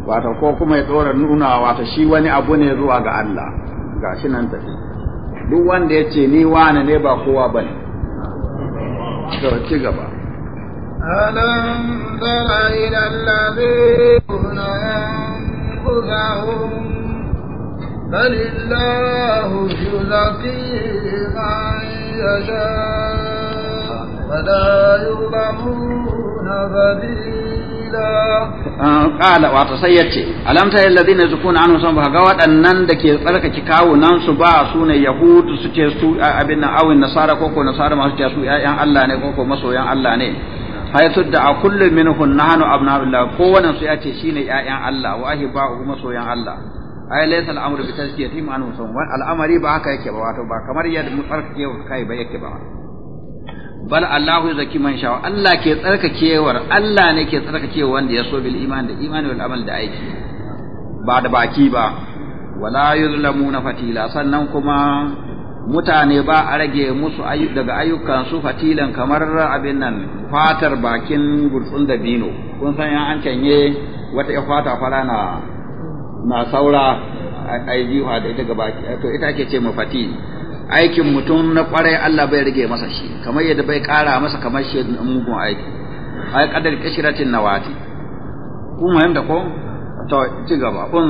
wato ko kuma ya dora nuna wato shi wani abu ne zuwa ga Allah gashi nan tafi duk wanda ya ce ni wane ne ba kowa bane to ci gaba ألم تر إلى الذين ينفذهم بل الله يزكي من يشاء ولا يظلمون sun ba ga waɗannan da ke ki kawo nan su ba su ne yahudu su ce su abin na awin nasara ko ko nasara masu ce ƴaƴan Allah ne ko masoyan Allah ne haythu da kullu minhum nahnu abna'ullah kowanne su yace shine ƴaƴan Allah wa kuma masoyan Allah ai laysa al'amru bi tazkiyati ma anhu sunwan al'amari ba haka yake ba wato ba kamar yadda mu tsarkake kai ba yake ba bal Allahu zaki man sha Allah ke tsarkakewar Allah ne ke tsarkakewa wanda ya so bil iman da imani wal amal da aiki ba da baki ba wala yuzlamuna fatila sannan kuma mutane ba a rage musu daga ayyukan su fatilan kamar abin nan fatar bakin gurtsun da bino kun san ya an canye wata ya fata fara na na saura ai jiwa da ita gaba to ita ake ce mu fati aikin mutum na kwarai Allah bai rage masa shi kamar yadda bai kara masa kamar shi mugun aiki ai kadar kishiratin nawati kuma yanda ko to ci gaba zo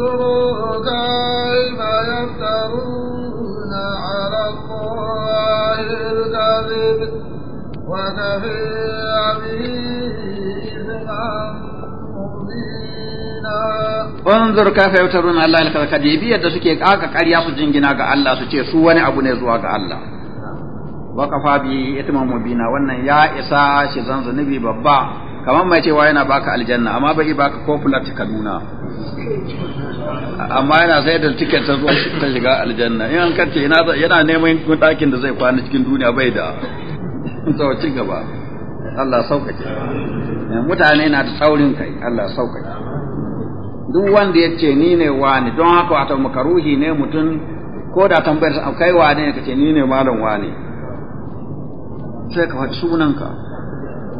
يفترون على الله الكذب وكفي Wanzur kafa ya wutar runa Allah ka kadibiyar da suke aka karya su jingina ga Allah su ce su wani abu ne zuwa ga Allah. Wa kafa bi itmam mubina wannan ya isa shi zan zunubi babba kamar mai cewa yana baka aljanna amma bai baka popular ta kaduna amma yana sai da tiket ta zuwa ta shiga aljanna in an kace yana neman ɗakin da zai kwana cikin duniya bai da sau ci gaba Allah saukake. mutane na da saurin kai Allah saukake. duk wanda ya ce ni ne wani don haka wata makaruhi ne mutum ko da tambayar sa kai wani ne kace ni ne malam wani? sai ka faɗi sunanka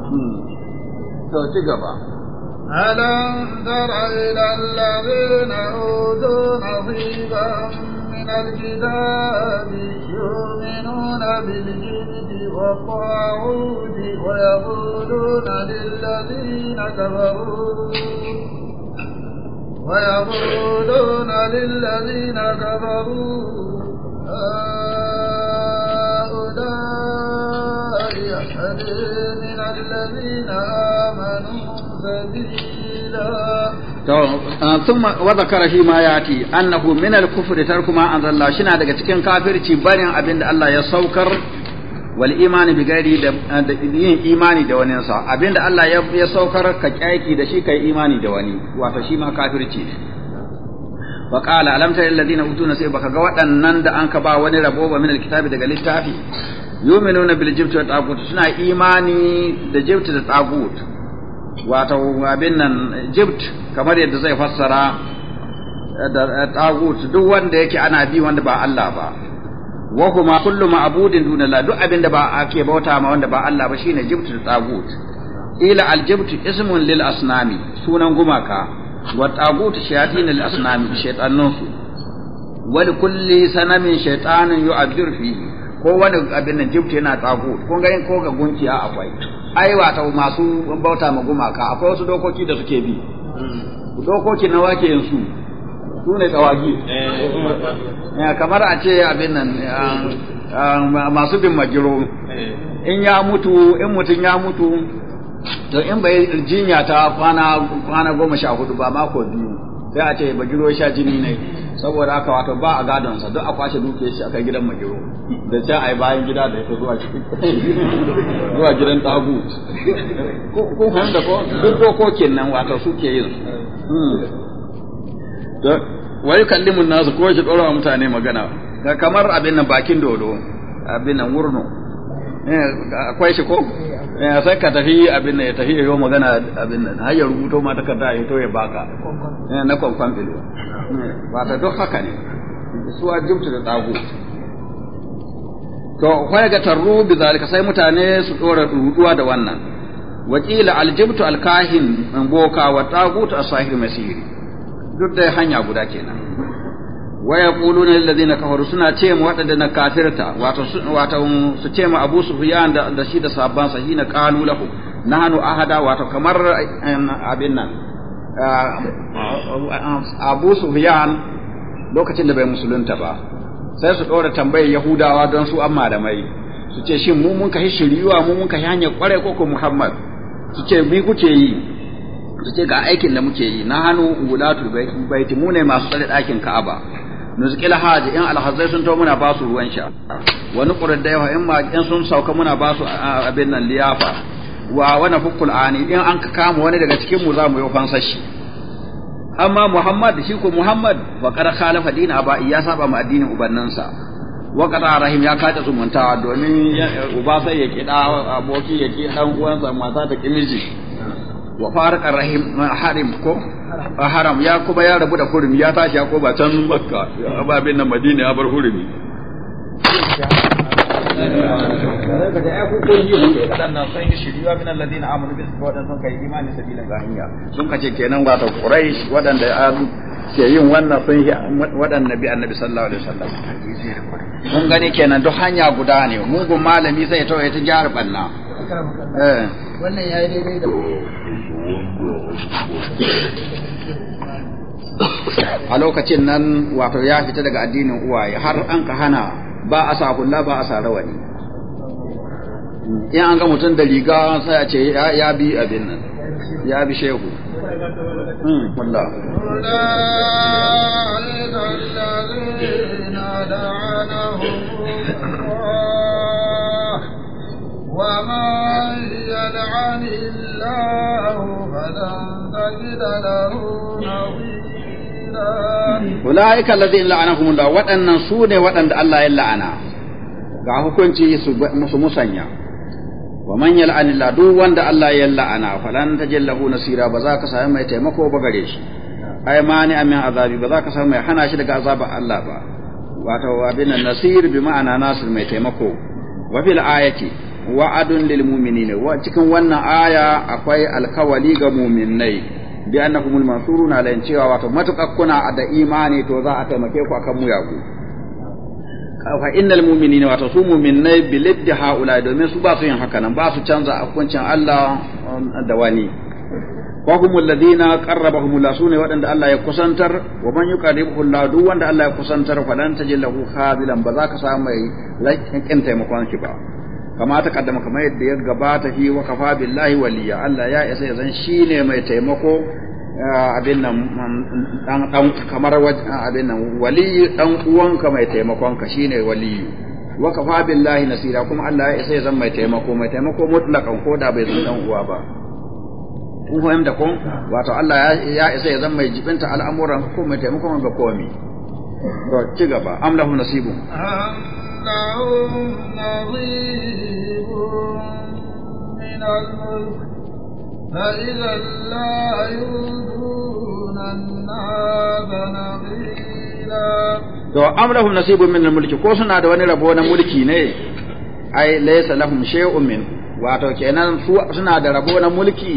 hmm. to ci gaba alam tara ila alladhina utu nasiban min alkitabi yu'minuna bil jinni wa ta'udi wa yaquluna lil ladina kafaru ويقولون للذين كفروا يهدي من الذين آمنوا سبيلا ثم وذكر shi ma yati annahu min al-kufr tarku ma anzalla shina daga cikin kafirci barin abin da Allah ya saukar wal imani bi gairi da yin imani da wani sa abin da Allah ya saukar ka kyaki da shi kai imani da wani wato shi ma kafirci ne wa qala alam tara alladhina utuna sai baka ga waɗannan da an ka ba wani rabo ba min al daga littafi yu'minuna bil jibti wa tagut suna imani da jibti da tagut wato abin nan jibt kamar yadda zai fassara eh, da eh, tagut duk wanda yake ana bi wanda ba Allah ba wa kuma kullu ma'budin duna Allah duk abin da ba ake bauta ma wanda ba Allah ba shine jibt da tagut ila al jibt ismun lil asnami sunan gumaka wa tagut shayatin lil asnami shaytanun su wal kulli sanamin shaytanun yu'abdir fihi ko wani abin nan jibti yana tsago ko ga ko ga gunkiya akwai ai ta masu bauta ma gumaka akwai wasu dokoki da suke bi dokoki na wake yansu su su ne tsawagi eh, kamar a ce abin nan um, um, masu bin magiro eh. in ya mutu in mutum ya mutu to in bai jinya ta kwana goma sha hudu ba mako biyu sai a ce magiro sha jini ne saboda haka wato ba a gadon sa duk a kwashe duke shi akai gidan magiro da ce ai bayan gida da ita zuwa zuwa gidan tagu ko ko da ko duk dokokin nan wato suke yin to hmm. wai kallimun nasu ko shi dora mutane magana kamar abin nan bakin dodo abin nan wurno eh, akwai shi ko Eh, sai ka tafi abin da ya tafi ya yi magana abin nan har ya rubuto ma takarda ya to ya baka eh, na kwankwan eh, ba ta duk haka ne su jimta da tsago to kwaya ga tarru bi zalika sai mutane su dora duduwa da wannan wakila aljibtu alkahin boka wa tagut asahir masiri duk da hanya guda kenan wa yaquluna lil na kafaru suna ce mu wadanda na kafirta wato wato su ce mu Abu Sufyan da da shi da sahabban sa hina qalu lahu nahnu ahada wato kamar abin nan Abu Sufyan lokacin da bai musulunta ba sai su dora tambayar Yahudawa don su amma da mai su ce shin mu mun kai shiriwa mu mun kai hanyar kware ko ko Muhammad su ce bi kuke yi su ce ga aikin da muke yi na hannu wulatul baiti mu ne masu tsare ɗakin Ka'aba nuzkil haj in alhazai sun to muna basu ruwan sha wa da yawa in ma in sun sauka muna basu abin nan liyafa wa wani fukul ani in an kama wani daga cikin mu zamu yi fansar shi amma muhammad shi ko muhammad wa qad khalafa dina aba ya saba ma addinin ubannansa wa qad rahim ya kada zumunta domin uba sai ya kida aboki ya ki dan uwansa mata ta kimiji wa farqa rahim harim ko haram ya kuma ya rabu da hurumi ya tashi ya koba can makka ababin na madina ya bar hurumi sun kace kenan wata quraish waɗanda ke yin wannan sun yi waɗanda bi annabi sallallahu alaihi wasallam mun gani kenan duk hanya guda ne mugun malami sai ya tawaye ta jihar banna eh. wannan yayi daidai da a lokacin nan wato ya fita daga addinin uwaye har an ka hana ba a sa hula ba a sa rawani in an ga mutum da riga sai a ce ya bi abin nan ya bi shehu hmm, وما يلعن الله فلن تجد له نظيرا أولئك الذين لعنهم الله وأن سوني وأن الله يلعنا ga hukunci su musanya wa man yal'ani la duk wanda Allah ya la'ana falan tajallahu nasira ba za ka sami mai taimako ba gare shi ai mani amin azabi ba za ka sami mai hana shi daga azaba Allah ba wato abin nasir bi ma'ana nasir mai taimako wa fil ayati wa'adun lil mu'minina wa cikin wannan aya akwai alkawali ga mu'minai bi annakumul mansuruna la cewa wato matuƙa kuna da imani to za a taimake ku akan muyagu fa innal mu'minina wato su mu'minai bil haula domin su ba su yin haka nan ba su canza hukuncin Allah um, da wani wa hum alladhina qarrabahum Allah sune wadanda Allah ya kusantar wa man yuqarribuhu Allah duk wanda Allah ya kusantar fa dan tajillahu khabilan ba za ka samu mai lakin taimakon shi ba kama ta kaddama kamar yadda ya gabata fi wa kafa billahi waliya Allah ya isa ya zan shine mai taimako eh, abin nan mm, dan dan kamar eh, abin nan waliyi dan uwanka mai taimakon ka shine waliyi wa kafa billahi nasira kuma Allah ya isa ya zan mai taimako mai taimako mutlaqan ko da bai zan dan uwa ba kun fahimta ko wato Allah ya isa ya zan mai jibinta al'amuran ko mai taimakon ga komi to ci gaba am nasibu لهم نظير من الملك فإذا لا يؤتون الناس نظيرا to am lahum nasibun min mulki ko suna da wani rabo na mulki ne ai laysa lahum shay'un min wato kenan su suna da rabo na mulki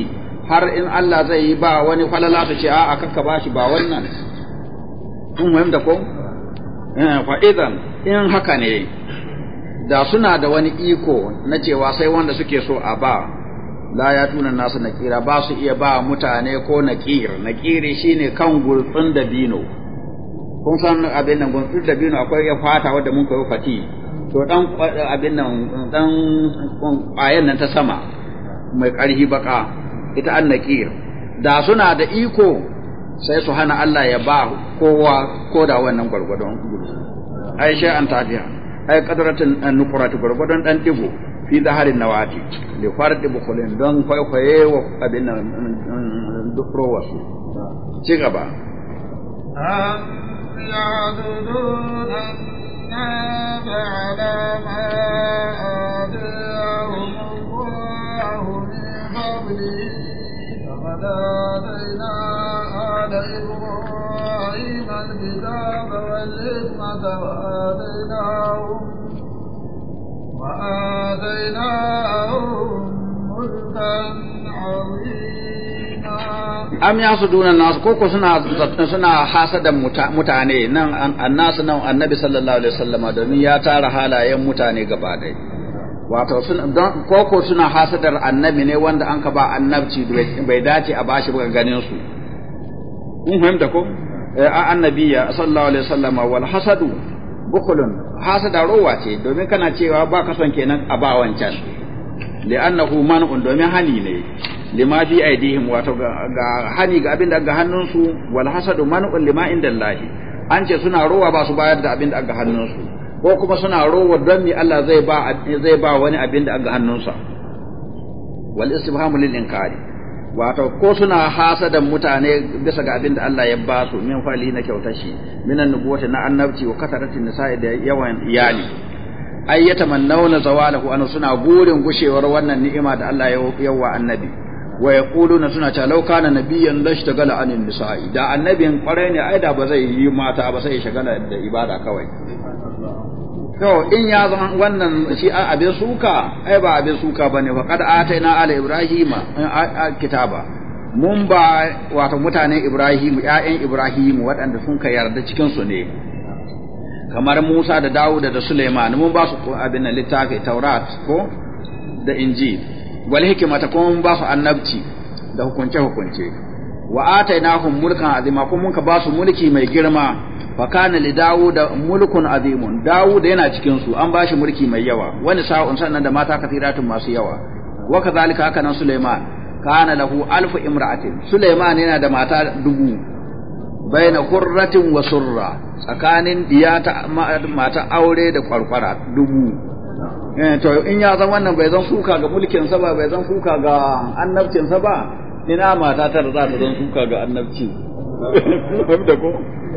har in Allah zai yi ba wani falala ta ce a'a kakka bashi ba wannan kun fahimta ko eh, fa idan in haka ne da suna da wani iko na cewa sai wanda suke so a ba la ya tuna nasu nakira ba su iya ba mutane ko nakir nakiri shine kan da dabino kun san abin nan da dabino akwai ya fata wanda mun koyo fati to dan abin nan dan ayan nan ta sama mai karhi baka ita an nakir da suna da iko sai su hana Allah ya ba kowa ko da wannan gwargwadon gurtsun ai an tafiya ai qadratin nuqrati gurgudun dan digo fi zaharin nawati li fardi bukhulin don kwaikwaye wa abin nan dukro wasu ci gaba يعبدون إبراهيم الكتاب والحكمة وآتيناهم وآتيناهم ملكا عظيما أم يحسدون الناس كوكو سنة سنة حاسدا متعني الناس نعم النبي صلى الله عليه وسلم يا ترى wato don koko suna hasadar annabi ne wanda an ka ba annabci bai dace a bashi ba ganin su kun fahimta ko Eh, annabiya sallallahu alaihi wasallam wal hasadu bukulun hasada rowa ce domin kana cewa ba ka son kenan a ba wancan li'annahu man'un domin hani ne lima fi aidihim wato ga hani ga abin da ga hannunsu wal hasadu man'un lima inda Allahi an ce suna rowa ba su bayar da abin da ga hannunsu ko kuma suna rowa don ni Allah zai ba zai ba wani abin da ga hannunsa wal istifhamu lil inkari wato ko suna hasadan mutane bisa ga abin da Allah ya ba su min fali na kyautar shi minan nubuwati na annabci wa kasaratin nisa'i da yawan iyali ay yatamannawna zawalahu an suna gurin gushewar wannan ni'ima da Allah ya yawa annabi wa yaquluna suna cewa law kana nabiyyan shtagala anin nisa'i da annabin kwarai ne ai da ba zai yi mata ba sai ya shagala da ibada kawai to in ya zama wannan shi abin suka ai ba abin suka bane fa kad ataina ala ibrahima eh, kitaba mun ba wato mutanen ibrahim ƴaƴan ibrahim waɗanda sun ka yarda cikin su ne kamar Musa da Dawud da Suleiman mun ba su abin littafi Taurat ko da Injil wal hikmata kuma mun ba su annabci da hukunce hukunce wa atainahum mulkan azima kuma mun ka ba su mulki mai girma fa kana li dawud mulkun azimun dawud yana cikin su an bashi mulki mai yawa wani sa'un sannan da mata kathiratun masu yawa wa kadhalika haka nan sulaiman kana lahu alfu imra'atin sulaiman yana da mata dubu baina qurratin wa surra tsakanin diyata mata aure da kwarkwara dubu eh, to in ya zan wannan bai zan kuka ga mulkin sa ba bai zan kuka ga annabcin sa ba ina mata ta za ta zan kuka ga annabci ko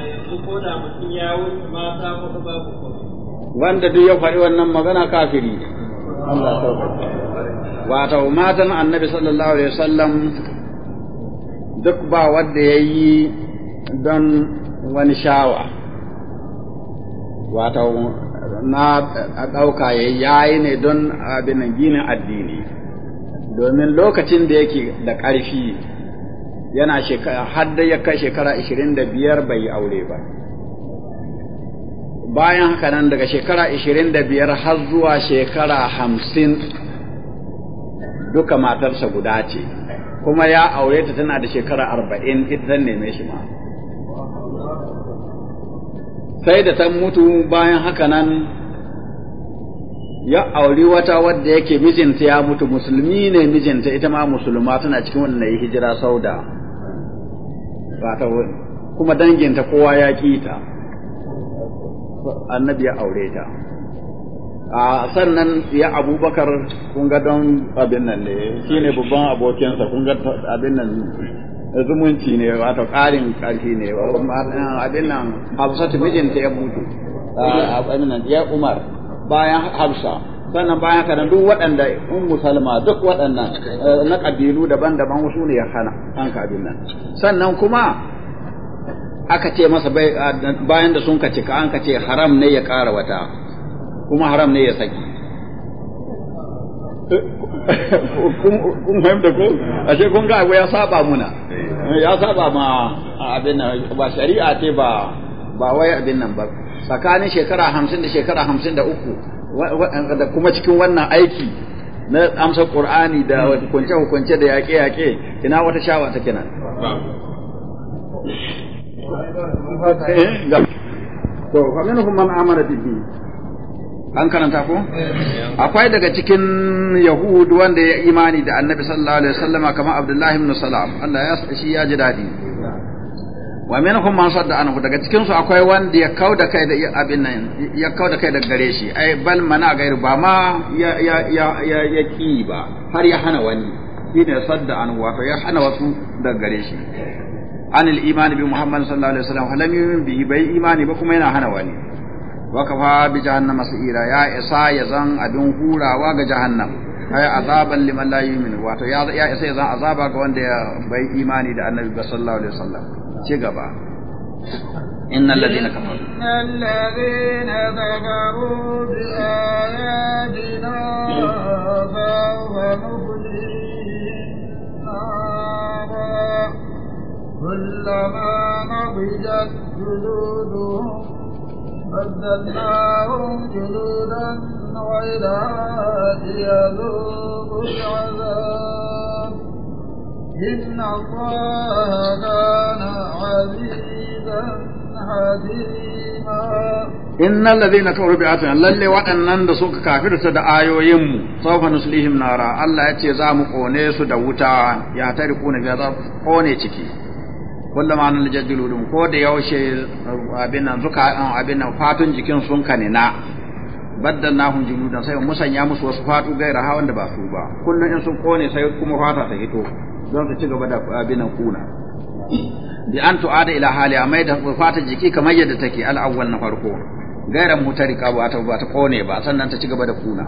yanzu ko da mutum ya wuce mata ko wanda duk ya faɗi wannan magana kafiri ne wato matan annabi sallallahu alaihi wasallam duk ba wanda ya yi don wani shawa wato na ɗauka ya yayi ne don abin ginin addini domin lokacin da yake da ƙarfi yana shekara har da ya kai shekara 25 bai aure ba bayan haka nan daga shekara 25 har zuwa shekara 50 duka matarsa guda ce kuma ya aure ta tana da shekara 40 idan neme shi ma sai da ta mutu bayan haka nan ya auri wata wadda yake mijinta ya mutu musulmi ne mijinta ita ma musulma tana cikin wannan hijira sauda wani kuma danginta kowa ya ki ta annabi ya aure ta a sannan ya abubakar kun ga don abin nan ne shi ne babban abokinsa kun ga abin nan zumunci ne ta ƙarin ƙarfi ne abin nan hafsatu mijinta ya mutu a abin nan ya umar bayan hafsa sannan bayan haka duk waɗanda in musalma duk waɗannan eh, na ƙabilu daban-daban wasu ne ya hana an kabin nan sannan kuma aka ce masa bayan da sun ka cika an ka ce haram ne ya ƙara wata kuma haram ne ya saki kun fahimta ko ashe kun ga ya saba muna eh, ya saba ma abin nan ba shari'a ce ba ba wai abin nan ba tsakanin shekara hamsin da shekara hamsin da uku da kuma cikin wannan aiki na amsa qur'ani da hukunce hukunce da yaƙe yaƙe ina wata shawa take nan eh, to fa minhum man amara bihi an karanta ko akwai daga cikin yahud wanda ya imani da annabi sallallahu alaihi wasallama kamar abdullahi ibn salam Allah ya shi ya ji dadi wa minhum man sadda anhu daga cikin su akwai wanda ya kauda kai da abin nan ya da kai da gare shi ai bal mana gairu ba ma ya ya ki ba har ya hana wani shine sadda anhu wato ya hana wasu da gare shi an al iman bi muhammad sallallahu alaihi wasallam halam yu'min bi bai imani ba kuma yana hana wani wa kafa bi jahannama sa'ira ya isa ya zan abin hurawa ga jahannam ai azaban liman la yu'min wato ya isa ya zan azaba ga wanda bai imani da annabi sallallahu alaihi wasallam ci gaba إن الذين كفروا إن الذين كفروا بآياتنا سوف نصليهم كلما نضجت جلودهم بدلناهم جلودا غيرها ليذوقوا العذاب Inna الله كان عزيزا حكيما إن الذين كفروا da suka kafirta da ayoyinmu sawfa nuslihim nara Allah yace za mu kone su da wuta ya tari kuna biya za kone ciki kullum an aljaduludum ko da yaushe abin nan zuka abin nan fatun jikin sun na baddalnahum juludan sai musanya musu wasu fatu gaira hawan da ba su ba kullum in sun kone sai kuma fata ta hito don su ci gaba da abinan kuna bi an tu'ada ila hali a da fata jiki kamar yadda take al'awwal na farko gairan mutarika ba ta ba ta kone ba sannan ta ci gaba da kuna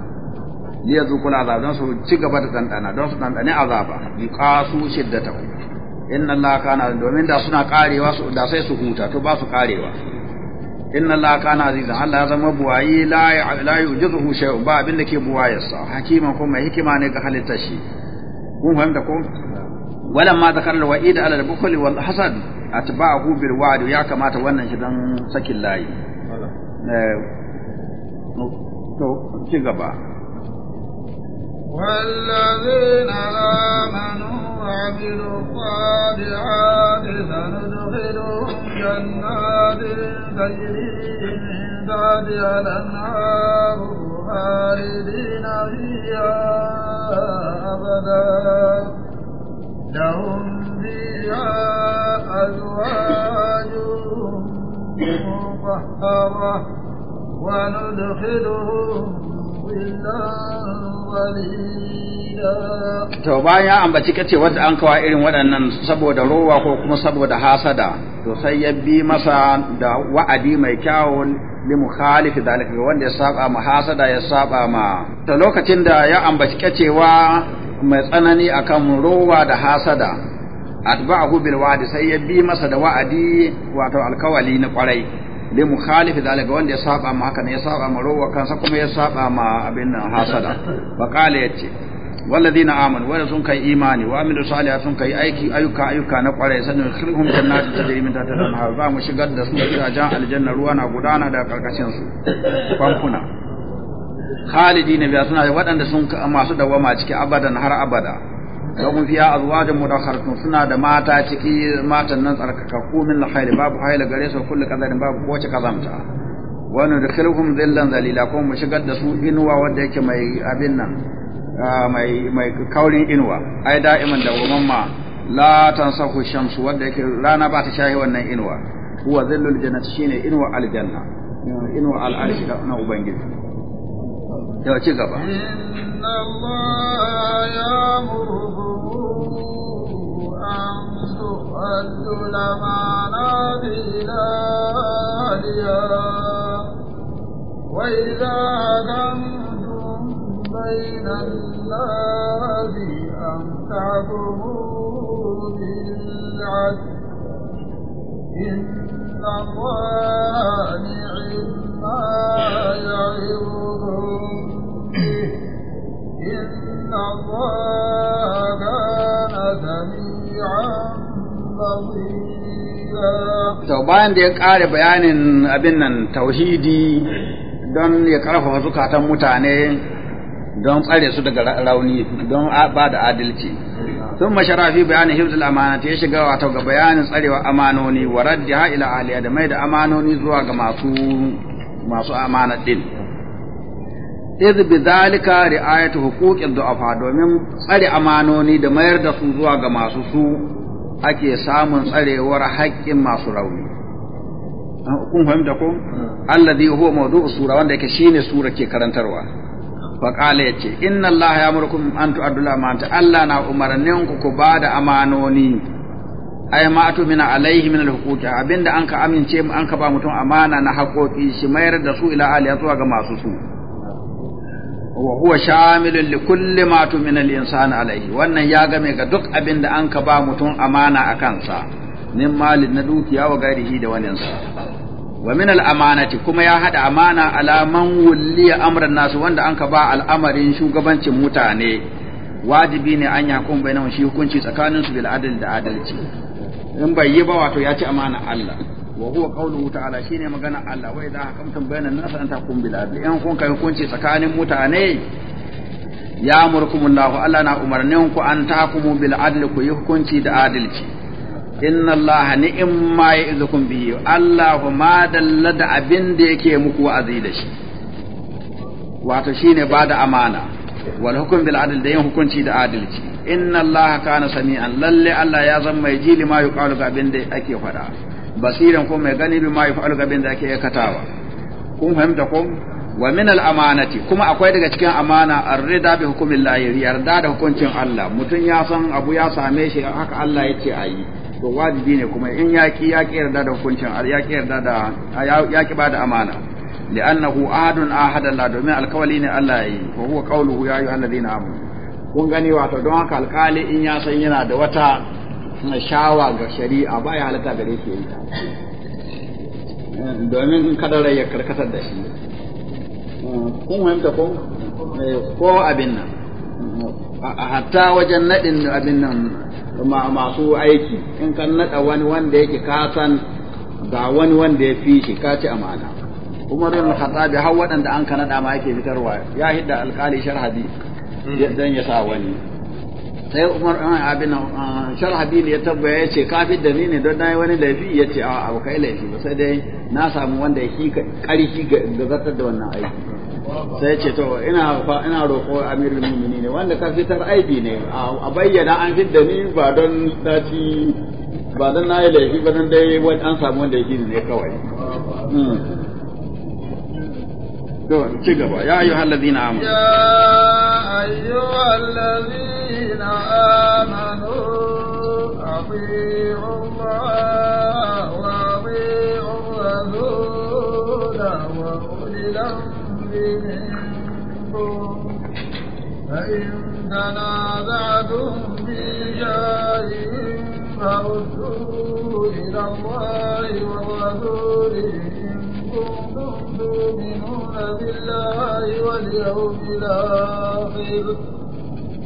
li yazuqul azab don su ci gaba da dandana don su dandane azaba bi qasu shiddata inna allaha kana domin da suna karewa su da sai su huta to ba su karewa inna Allah kana azizan Allah ya zama buwayi la yujizuhu shay'un ba abin da ke buwayarsa hakiman kuma mai hikima ne ga halitta shi kun fahimta ko ولما ذكر الوعيد على البخل والحسد أتبعه بالوعد يا كما تولى شدن سكي الله تجبا والذين آمنوا وعملوا الصالحات سندخلهم جنات تجري من تحتها الأنهار خالدين فيها أبدا لهم فيها أزواج مطهرة To bayan ya ambaci kace wanda an kawa irin waɗannan saboda rowa ko kuma saboda hasada to sai ya bi masa da wa'adi mai kyawun li mukhalifi dalika wanda ya saba ma hasada ya saba ma to lokacin da ya ambaci kacewa mai tsanani akan rowa da hasada atba'ahu bil wa'di sai ya bi masa da wa'adi wato alkawali na kwarai li mukhalifi zalika wanda ya saba ma haka ne ya saba ma rowa kansa kuma ya saba ma abin nan hasada fa qala yace walladina amanu wanda sun kai imani wa amilu salihati sun kai aiki ayyuka ayyuka na kwarai sanu khulhum jannatin tajri min tahtiha al-anhar ba mu shigar da su gidajen aljanna ruwa na gudana da karkashin su kwankuna khalidina biya suna waɗanda sun masu dawama ciki abada har abada lahum fiha azwajun mudakharatun suna da mata ciki matan nan tsarkakakku min alkhairi babu haila gare su kullu kazarin babu kowace kazamta wa nudkhiluhum dhillan zalila ko mu shigar da su inuwa wanda yake mai abin nan mai mai kaurin inuwa ai da'iman da goman ma la tansahu shamsu wanda yake rana ba ta shahi wannan inuwa huwa dhillul jannati shine inuwa aljanna inuwa al'arshi na ubangiji to ci gaba inna allaha ya'muru an tu'addu al-amanati ila ahliha wa idha hakamtum bayna an-nasi an tahkumu bil-'adl إن الله نعم ما يعظكم إن to bayan da ya ƙare bayanin abin nan tauhidi don ya karfafa zukatan mutane don tsare su daga rauni don ba da adalci sun masharafi bayanin hibzul ta ya shiga wata ga bayanin tsarewa amanoni wa raddiha ila da mai da amanoni zuwa ga masu masu amanat iz bi zalika ri'ayatu huquqid du'afa domin tsare amanoni da mayar da su zuwa ga masu su ake samun tsarewar haƙƙin masu rauni kun fahimta ko hmm. alladhi huwa mawdu'u sura wanda yake shine sura ke karantarwa fa qala yace inna allaha ya'murukum an tu'addu al-amanata allah na umarnin ku ku bada amanoni ay ma atumina alaihi min alhuquqi abinda an ka amince an ka ba mutum amana na haƙoƙi shi mayar da su ila aliya zuwa ga masu su wa huwa shamilun li kulli ma min al insani alaihi wannan ya game ga duk abin da anka ba mutum amana a kansa min malin na dukiya wa gairihi da sa wa min al amanati kuma ya hada amana ala man wulliya amran nasu wanda an ka ba al'amarin shugabancin mutane wajibi ne an yakun bainahum shi hukunci tsakaninsu bil adl da adalci in bai yi ba wato ya ci amana Allah wa huwa qawluhu ta'ala shine magana Allah wa idza hakamtum bainan nas an taqum bil adl in kun kai hukunci tsakanin mutane ya amurkumullahu Allah na umarnin ku an taqumu bil adl ku yi hukunci da adalci inna allaha ni'imma ya'izukum bihi allahu ma dalla da abin da yake muku wa'azi da shi wato shine ba da amana wal hukum bil adl da yin hukunci da adalci inna allaha kana lalle allah ya zama mai ji lima yuqalu ga ake faɗa basiran ko mai gani bi ma yaf'alu gabin da yake yakatawa kun fahimta ko wa min al-amanati kuma akwai daga cikin amana ar-rida bi hukumin yarda da hukuncin Allah mutum ya san abu ya same shi haka Allah yace ayi to wajibi ne kuma in yaki ya yarda da hukuncin ya yarda da ya ki bada amana li'annahu ahadun ahada Allah domin alkawali ne Allah yayi wa huwa qawluhu ya ayyuhalladhina amanu kun gani wato don haka alkali in ya san yana da wata shawa ga shari'a ba ya halatta gare shi yi eh, domin in kada rai ya karkatar da shi eh, kun fahimta ko eh, ko abin nan hatta wajen naɗin abin nan masu aiki in kan naɗa wani wanda yake kasan ga wani wanda ya fi shi ka ci amana rin hatta da har waɗanda an ka naɗa ma yake fitarwa ya hidda alƙali sharhadi hmm. don ya sa wani sai umar ah, abin ah, sharhabil ya tabbaya ya ce kafin da ni ne don na yi wani laifi ya ce a abu kai laifi ba sai dai na samu wanda ya hika ƙarfi ga zartar da wannan aiki sai ce to ina ina roƙo amirul mu'minin ne wanda ka fitar aibi ne a bayyana an fidda ni ba don daci ba don na yi laifi ba don dai an samu wanda ya ne kawai hmm. يا أيها الذين آمنوا يا أيها الذين آمنوا أطيعوا الله وأطيعوا الرسول وأولي منكم فإن تنازعتم في شيء فردوه إلى الله والرسول يؤمنون بالله واليوم الآخر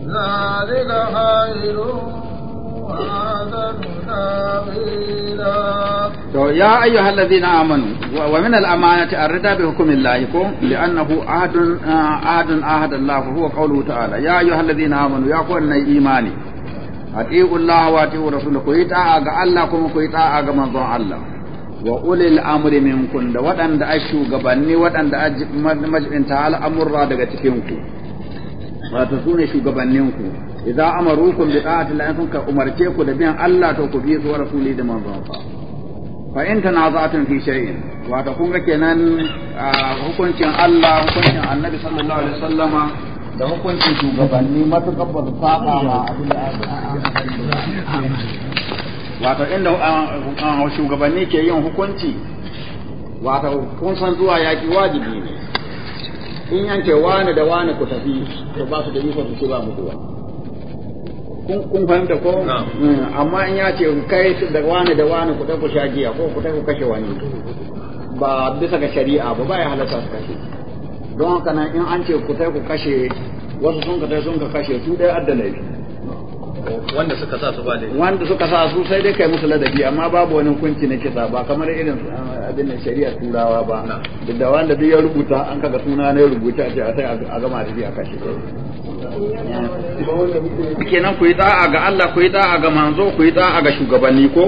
ذلك خير To ya ayyu hallazina amanu wa min amanati rida bi hukmi Allah ko li'annahu ahad Allah huwa qawluhu ta'ala ya hallazina amanu ya ku annai imani ati'u Allah wa ati'u rasulahu ku yi ta'a ga Allah kuma ku yi ta'a ga manzon Allah wa ulil amri minkum da waɗanda a shugabanni waɗanda a majibinta al'amurra daga cikinku wato su ne shugabanninku idan amarukum bi ta'ati la sun ka umarce ku da biyan Allah to ku bi su rasuli da manzon fa in tanaza'tum fi shay'in wato kun ga kenan hukuncin Allah hukuncin Annabi sallallahu alaihi wasallama da hukuncin shugabanni matukar ba su saba ma abin da wato inda ah, ah, shugabanni ke yin hukunci wato kun san zuwa yaki wajibi ne in yanke wani da wani ku tafi to ba su da ikon su ce ba mu zuwa kun fahimta ko mm, amma in ya ce kai da wani da wani ku tafi sha giya ko ku tafi kashe wani ba bisa ga shari'a ba ba ya halatta su kashe don haka nan in an ce ku tafi ku kashe wasu sun ka sun ka kashe su dai adda laifi wanda suka sa su ba wanda suka sa su sai dai kai musu ladabi amma babu wani hukunci na kisa ba kamar irin eh, abin da shari'a turawa ba duk da wanda duk ya rubuta an kaga suna ne rubuta a ce a sai a gama da biya a kashe kenan ku yi da'a ga Allah ku yi da'a ga manzo ku yi da'a ga shugabanni ko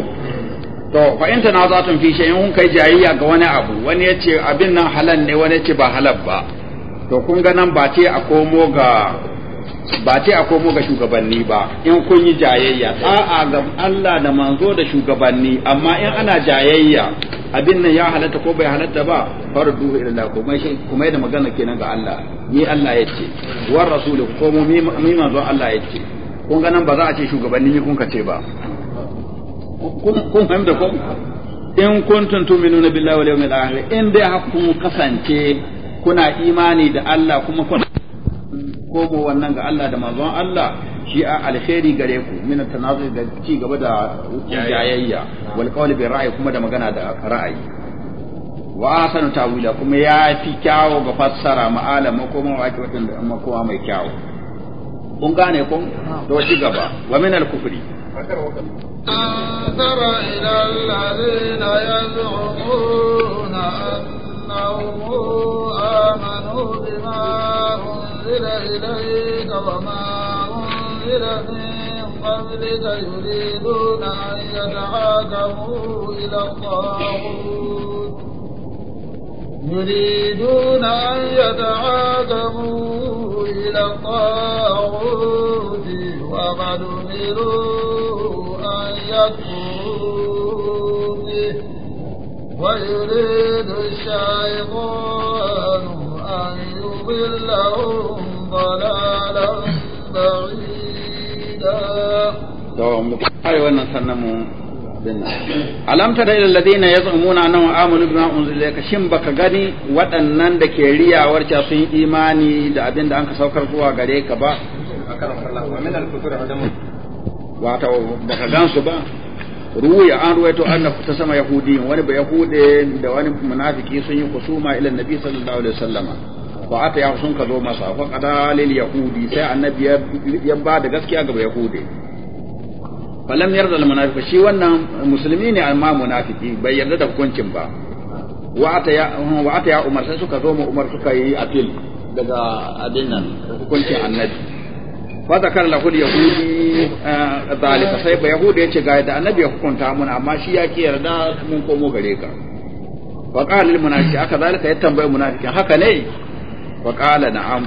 to fa na tanazatun fi shi in kai jayayya ga wani abu wani yace abin nan halal ne wani yace ba halal ba to kun ga nan ba ce a komo ga ba ce a komo ga shugabanni ba in kun yi jayayya a'a ga Allah da manzo da shugabanni amma in ana jayayya abin nan ya halatta ko bai halatta ba fardu ila kuma shi kuma da magana kenan ga Allah ni Allah ya ce war rasul ko mu mi manzo Allah ya ce kun ga nan ba za a ce shugabanni ni kun ka ce ba kun kun fahimta ko in kuntum tu'minuna billahi wal yawmil akhir in dai hakku kasance kuna imani da Allah kuma kuna kogo wannan ga Allah da manzon Allah shi a alheri gare ku min tanazu da ci gaba da yayayya wal qawli bi ra'yi kuma da magana da ra'ayi wa asanu tawila kuma ya fi kyawo ga fassara ma'ala makoma wa ake wadanda makoma mai kyawo kun gane kun to ci gaba wa min al kufri أنظر إلى الذين يزعمون أنهم آمنوا بما أنزل أنزل إليك وما أنزل من قبلك يريدون أن يتحاكموا إلى الطاغوت يريدون أن يتحاكموا إلى الطاغوت وقد أمروا أن يكفروا ويريد الشيطان أن Alamta da بعيدا ya tara muna nan yaz'umuna annahum amanu bima unzila ka shin baka gani waɗannan da ke riyawar cewa sun imani da abin da ka saukar zuwa gare ka ba wata baka gansu ba ruwaya an ruwaito na ta sama yahudiyin wani ba yahude da wani munafiki sun yi kusuma ila nabi sallallahu alaihi wasallama fa ata ya sun ka zo masa fa qada lil yahudi sai annabi ya ba da gaskiya ga yahudi falam yarda al munafiq shi wannan musulmi ne amma munafiki bai yarda da hukuncin ba wa ata ya wa ata ya umar sai suka zo mu umar suka yi appeal daga abin nan hukuncin annabi fa zakar lahu al yahudi eh, zalika sai ba yahudi ya ce ga da annabi ya hukunta mun amma shi ya ki yarda mun komo gare ka fa qala al munafiq aka zalika ya tambayi munafikin haka ne wa ƙala na am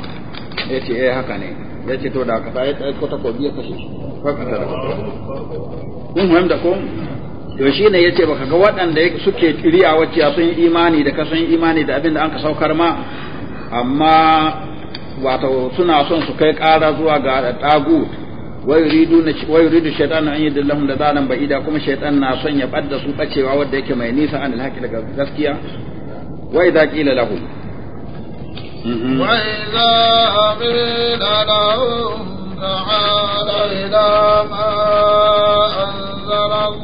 ya ce ya eh haka ne ya ce to da aka sai ta kota ko biya kashe kwakwata da kasa. in fahimta ko to shi ne ya ce baka ga waɗanda suke ƙiriya wacce a sun imani da ka imani da abin da an ka saukar ma amma wato suna son su kai ƙara zuwa ga ɗagut wa yuridu shaitan an yi dillahun da zanen Ida kuma shaitan na son ya ɓadda su ɓacewa wadda yake mai nisa an alhaƙi daga gaskiya wai za ki ila lahu وإذا قيل لهم تعالى إلى ما أنزل الله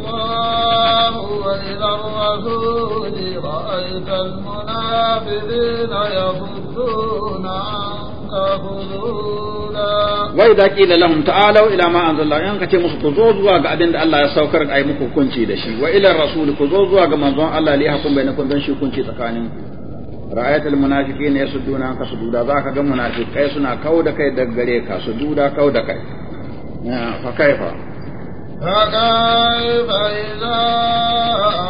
وإلى الرسول رأيت المنافقين يصدون عنك خذولا وإذا قيل لهم تعالوا إلى ما أنزل الله إن كتي مسكوزوز واقع أبين الله يسوكر أي مكو كنشي دشي وإلى الرسول كوزوز واقع منظوم الله ليحكم بينكم بين شو كنشي تكانينكم رأيت المنافقين يسدون عنك صدودا ذاك جم منافق كيسنا كودك يدقريك صدودا كودك آه، فكيف فكيف إذا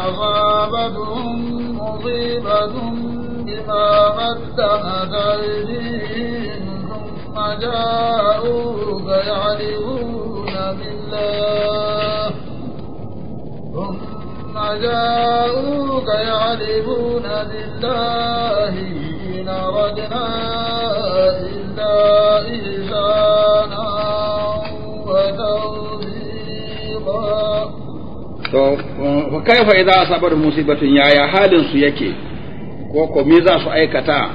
أصابتهم مصيبة بما قدمت أيديهم ثم جاءوك يعرفون بالله ثم جاءوك ربك يعرفون بالله إن أردنا إلا إحسانا to halin su yake ko ko me za su aikata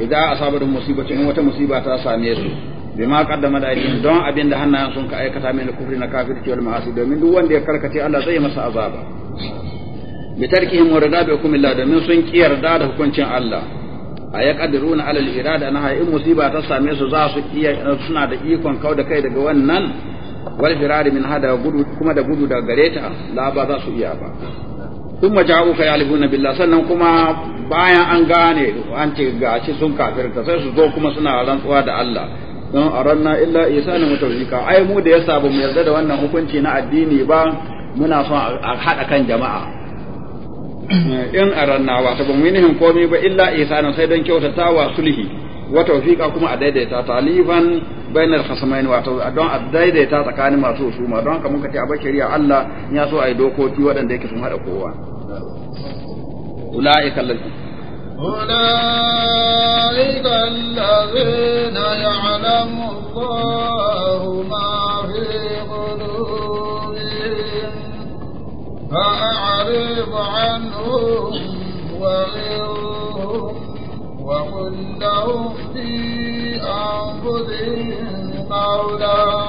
idza asabar in wata musiba ta same su bima qaddama da aidin don abinda hannayen sun ka aikata min kufri na kafirci wal ma'asi domin duk wanda ya karkace Allah zai masa azaba bi tarkihim wa bi hukmi Allah domin sun ki yarda da hukuncin Allah a ya qadiruna ala al-irada na in musiba ta same su za su iya suna da ikon kau da kai daga wannan wal firari min hada gudu kuma da gudu daga gare ta la ba za su iya ba kuma ja'uka yalifuna billah sannan kuma bayan an gane an ce gashi sun kafirta sai su zo kuma suna rantsuwa da Allah don aranna illa isana mutawfika ai mu da yasa ba mu yarda da wannan hukunci na addini ba muna son a hada kan jama'a in aranna wato ba mu nihin komai ba illa isa sai don kyautata wa sulhi wa tawfiqa kuma a daidaita talifan bainar wa wato don a daidaita tsakanin masu su ma don haka muka ce a bashariya Allah ya so ai dokoki waɗanda yake sun hada kowa ulaika ya'lamu Allahu ma fi فأعرض عنهم وغيرهم وقل لهم في أنفسهم قولا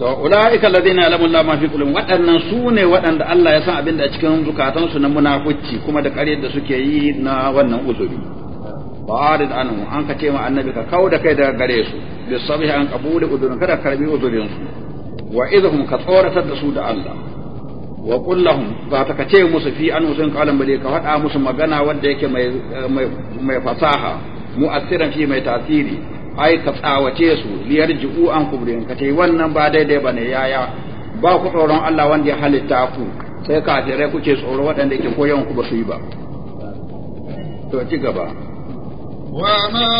To ula'ika ladina ya Allah ma fi kulun. waɗannan su ne waɗanda Allah ya san abin da a cikin zukatansu na munafici kuma da ƙaryar da suke yi na wannan uzuri. Ba'arid anhu an ka ce ma annabi ka kauda kai daga gare su bi sabhi an qabuli uzurin kada karbi udurin su. wa idhum ka tsoratar da su da Allah wa qul lahum ba ta kace musu fi an usun qalan bale ka faɗa musu magana wanda yake mai mai fasaha mu'assiran fi mai tasiri ai ka tsawace su liyarji'u an kubrin ka tai wannan ba daidai bane yaya ba ku tsoron Allah wanda ya halitta ku sai kafirai kuke tsoro waɗanda ke koyon ku ba su yi ba to ci gaba وما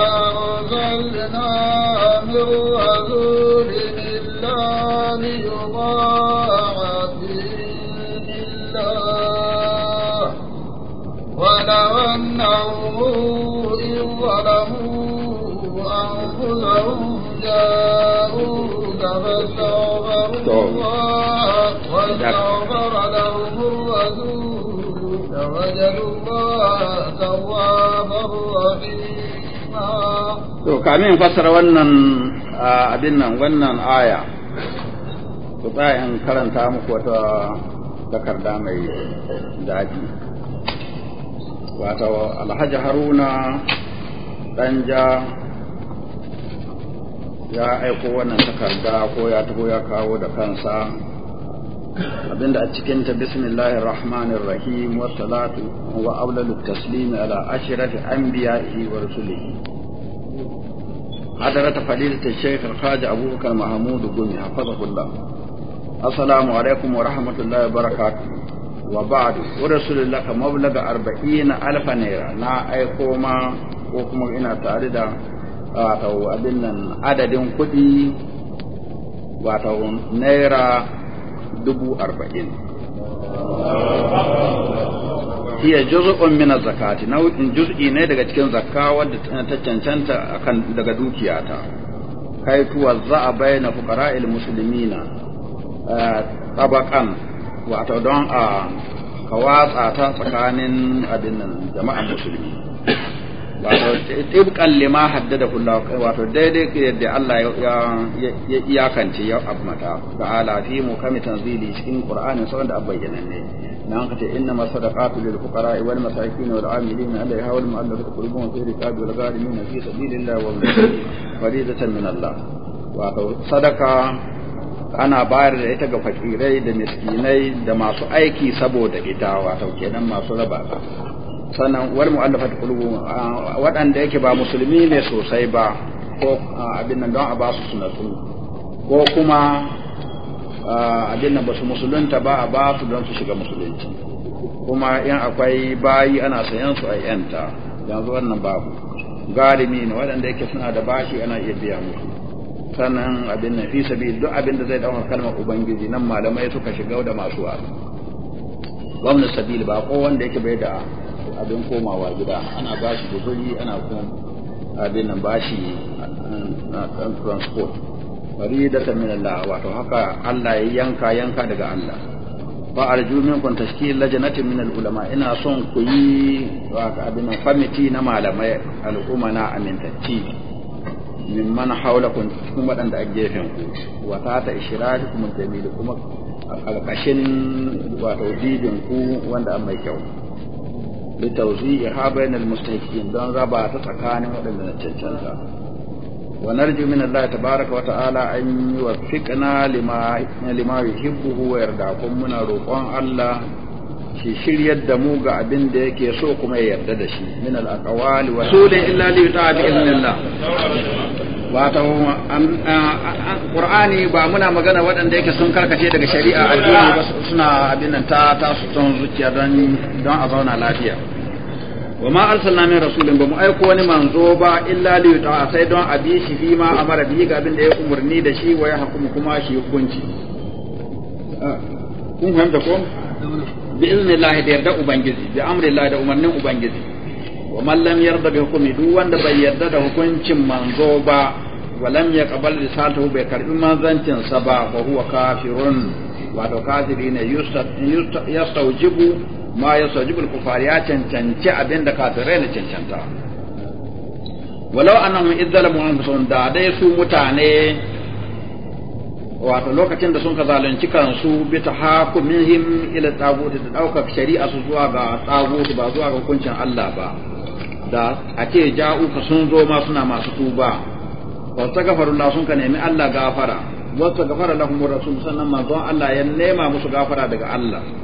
أرسلنا من رسول to kamin fassara wannan abin nan wannan aya ku bayan karanta muku wata takarda mai daɗi wato alhaji haruna ɗanja ya aiko wannan takarda ko ya taho ya kawo da kansa da a cikinta bismillahir rahmanir rahim wa salatu wa aulalu taslimi ala ashrafi anbiya'i wa rusulihi حضرة فضيلة الشيخ الخاج أبو بكر محمود قمي حفظه الله السلام عليكم ورحمة الله وبركاته وبعد ورسول لك مبلغ أربعين ألف نيرة نا أيقوما وكما إنا تاردا wato abin nan adadin kuɗi wato naira dubu arba'in hiya juz'un min zakati nau'in juz'i ne daga cikin zakka wadda ta cancanta akan daga dukiyata kai tuwa za'a bayyana fuqara'il muslimina tabaqan wato don a kawatsa ta tsakanin abin nan jama'an musulmi wato tibqan lima haddada kullahu wato daidai yadda Allah ya iyakance ya abmata ta'ala fi mukammi zili cikin qur'anin sai da abbayyana ne نعم إنما صدقات للفقراء والمساكين والعاملين عليها والمؤلفة قلوبهم في ركاب والغارمين في سبيل الله فريضة من الله صدقة ana bayar da ita ga fakirai da miskinai da masu aiki saboda ita wato kenan masu raba ta sannan wal mu'allafat qulubu waɗanda yake ba musulmi ne sosai ba ko abin nan don a ba su sunatu ko kuma Abinna nan ba su musulunta ba a ba su don su shiga musulunci kuma yan akwai bayi ana sayan su a yanta yanzu wannan babu galimi ne waɗanda yake suna da bashi ana iya biya musu sannan abin nan fi sabi duk abin da zai ɗauka kalmar ubangiji nan malamai suka shiga da masu wasu gwamnan sabil ba ko wanda yake bai da abin komawa gida ana bashi guzuri ana kuma abin nan bashi eh, transport faridata min Allah wato haka Allah ya yanka yanka daga Allah fa arju minkum tashkil lajnati min ulama ina son ku yi abin famiti na malamai al'umma na amintacci min man kuma cikin da a gefen ku wa ta ta kuma jamilu kuma alƙashin wato dibin ku wanda an mai kyau litawzi'i ha bainal mustahiqin don raba ta tsakanin waɗanda na cancanta ونرجو من الله تبارك وتعالى أن يوفقنا لما لما يحبه ويرضاه منا روقان الله shi shiryar da mu ga abin da yake so kuma ya yarda da shi min al-aqwali wa sulin illa li yuta bi qur'ani ba muna magana waɗanda yake sun karkace daga shari'a addini ba suna abin nan ta ta su zuciya don a zauna lafiya wa ma arsalna min rasulin ba mu aiko wani manzo ba illa li yuta'a sai don a bi shi fi ma amara bi ga abin da ya umarni da shi wa ya hukumu kuma shi hukunci ah, kun fahimta ko bi iznillahi da yarda ubangiji bi amri amrillahi da umarnin ubangiji wa man lam yarda bi hukmi duk wanda bai yarda da hukuncin manzo ba wa lam yaqbal risalatahu bai karbi manzancin sa ba fa huwa kafirun wato kafiri ne yastaujibu ma ya sajibul kufar ya cancanci abin da kafirai na cancanta walau annahum izzalamu anfusahum da dai su mutane wato lokacin da sun ka zalunci kansu bi tahakumihim ila taguti da daukar shari'a su zuwa ga taguti ba zuwa ga hukuncin Allah ba da a ce ka sun zo ma suna masu tuba wa tagafarullah sun ka nemi Allah gafara wa gafara lahum rasul sannan manzon Allah ya nema musu gafara daga Allah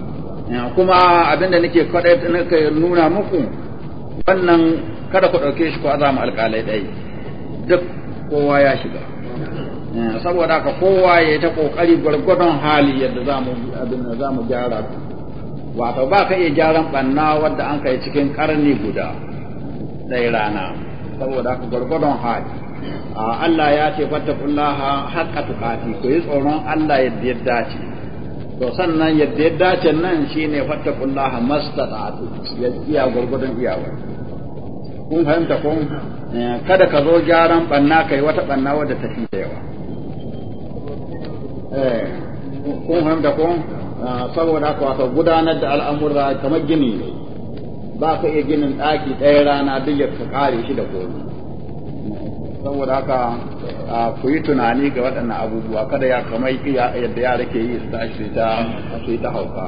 kuma abinda nake kwaɗai nake nuna muku wannan kada ku ɗauke shi ko azama alƙalai ɗai duk kowa ya shiga saboda haka kowa ya ta ƙoƙari gwargwadon hali yadda za mu abin da za mu gyara wato ba ka iya gyaran ɓanna wadda an kai cikin ƙarni guda ɗaya rana saboda haka gwargwadon hali Allah ya ce fattakullaha haqqa tuqati ku yi tsoron Allah yadda ya dace to sannan yadda ya dace nan shi ne shine da mastata'tu ya iya gwargwadon iyawa kun fahimta kun eh, kada ka zo gyaran banna kai wata banna wadda ta fi da yawa eh, kun fahimta kun ah, saboda haka wato gudanar da al'amura kamar gini ne ba ka iya ginin ɗaki ɗaya rana duk ya kare shi da komai saboda haka ku yi tunani ga waɗannan abubuwa kada ya kamai yadda yara ke yi su tashi ta su ta hauka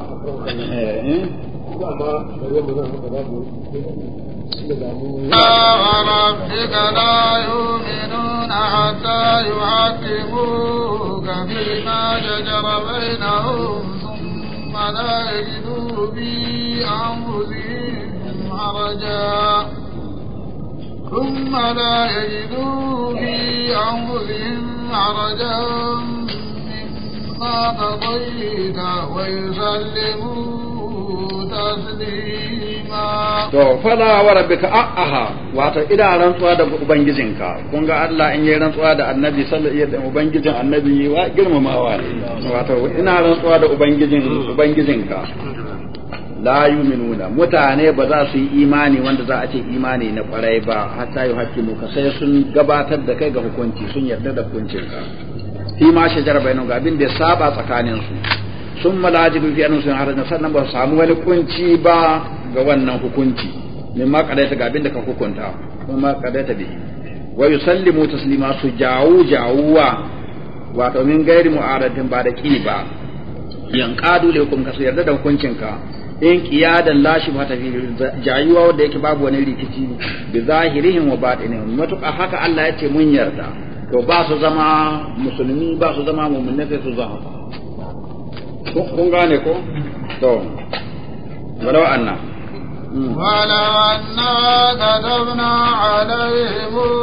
وربك لا يؤمنون حتى يحكموك فيما شجر بينهم ثم لا يجدوا في أنفسهم حرجا ثم لا يجدوا في أنفسهم عرجا مما قضيت ويسلموا تسليما to da wa rabbika a'aha wato ina rantsuwa da ubangijinka kun ga Allah in yi rantsuwa da annabi sallallahu ubangijin annabi wa girmamawa ne wato ina rantsuwa da ubangijin ubangijinka la yu'minuna mutane ba za su yi imani wanda za a ce imani na kwarai ba hatta yi hakimu ka sai sun gabatar da kai ga hukunci sun yarda da hukuncin ka fi ma shajara bainu ga abin da saba tsakanin su sun malajibu fi annasu na sannan ba su samu wani kunci ba ga wannan hukunci min ma kadaita ga abin da ka hukunta kuma ma kadaita bihi wa yusallimu taslima su jawu jawuwa wato min gairi mu'aradin ba da ki ba yanqadu lakum ka su yarda da hukuncin ka. in qiyadan la ta fi jayuwa wanda yake babu wani rikici bi zahirihin wa batinihim matuƙa haka Allah ya ce mun yarda to ba su zama musulmi ba su zama mu'minai sai su zama kun gane ko to walau anna ولو أنا كتبنا عليهم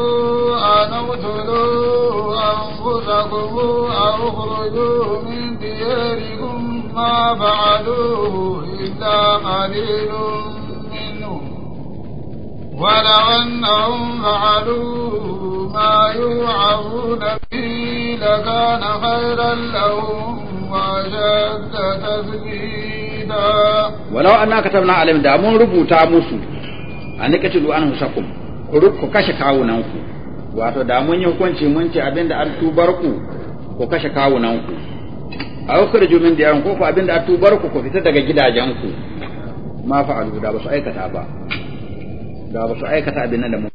أن اقتلوا أنفسكم أو اخرجوا من دياركم وما فعلوه إلا قليل منهم ولو أنهم فعلوا ما يوعظون به لكان خيرا لهم وأشد تثبيتا ولو أننا كتبنا عليهم دا من ربوتا musu an nikatilu an husakum ku kashe kawunanku wato da mun yi hukunci mun ce abinda an tubar ku ku kashe kawunanku aw kharaju min da yawon ko abinda a tubar ku ku fita daga gidajenku ma fa'alu da ba su aikata ba da ba su aikata abin nan da mun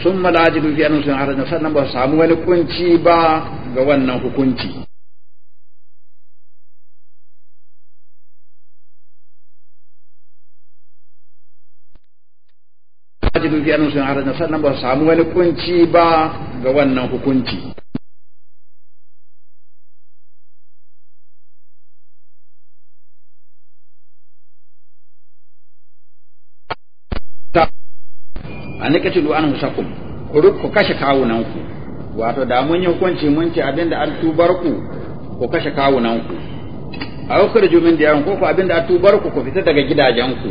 sun malajidu fi annabi sun harajin sannan ba su samu wani kunci ba ga wannan hukunci malajidu fi annabi sun harajan sannan ba su samu wani kunci ba ga wannan hukunci an iqtilu anhu sakum ku kashe kawunan ku wato da mun yi hukunci mun ce abinda an tubar ku ku kashe kawunan ku a aw jumin da diyarin ko ku abinda an tubar ku ku fita daga gidajen ku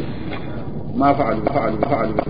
ma fa'alu fa'alu fa'alu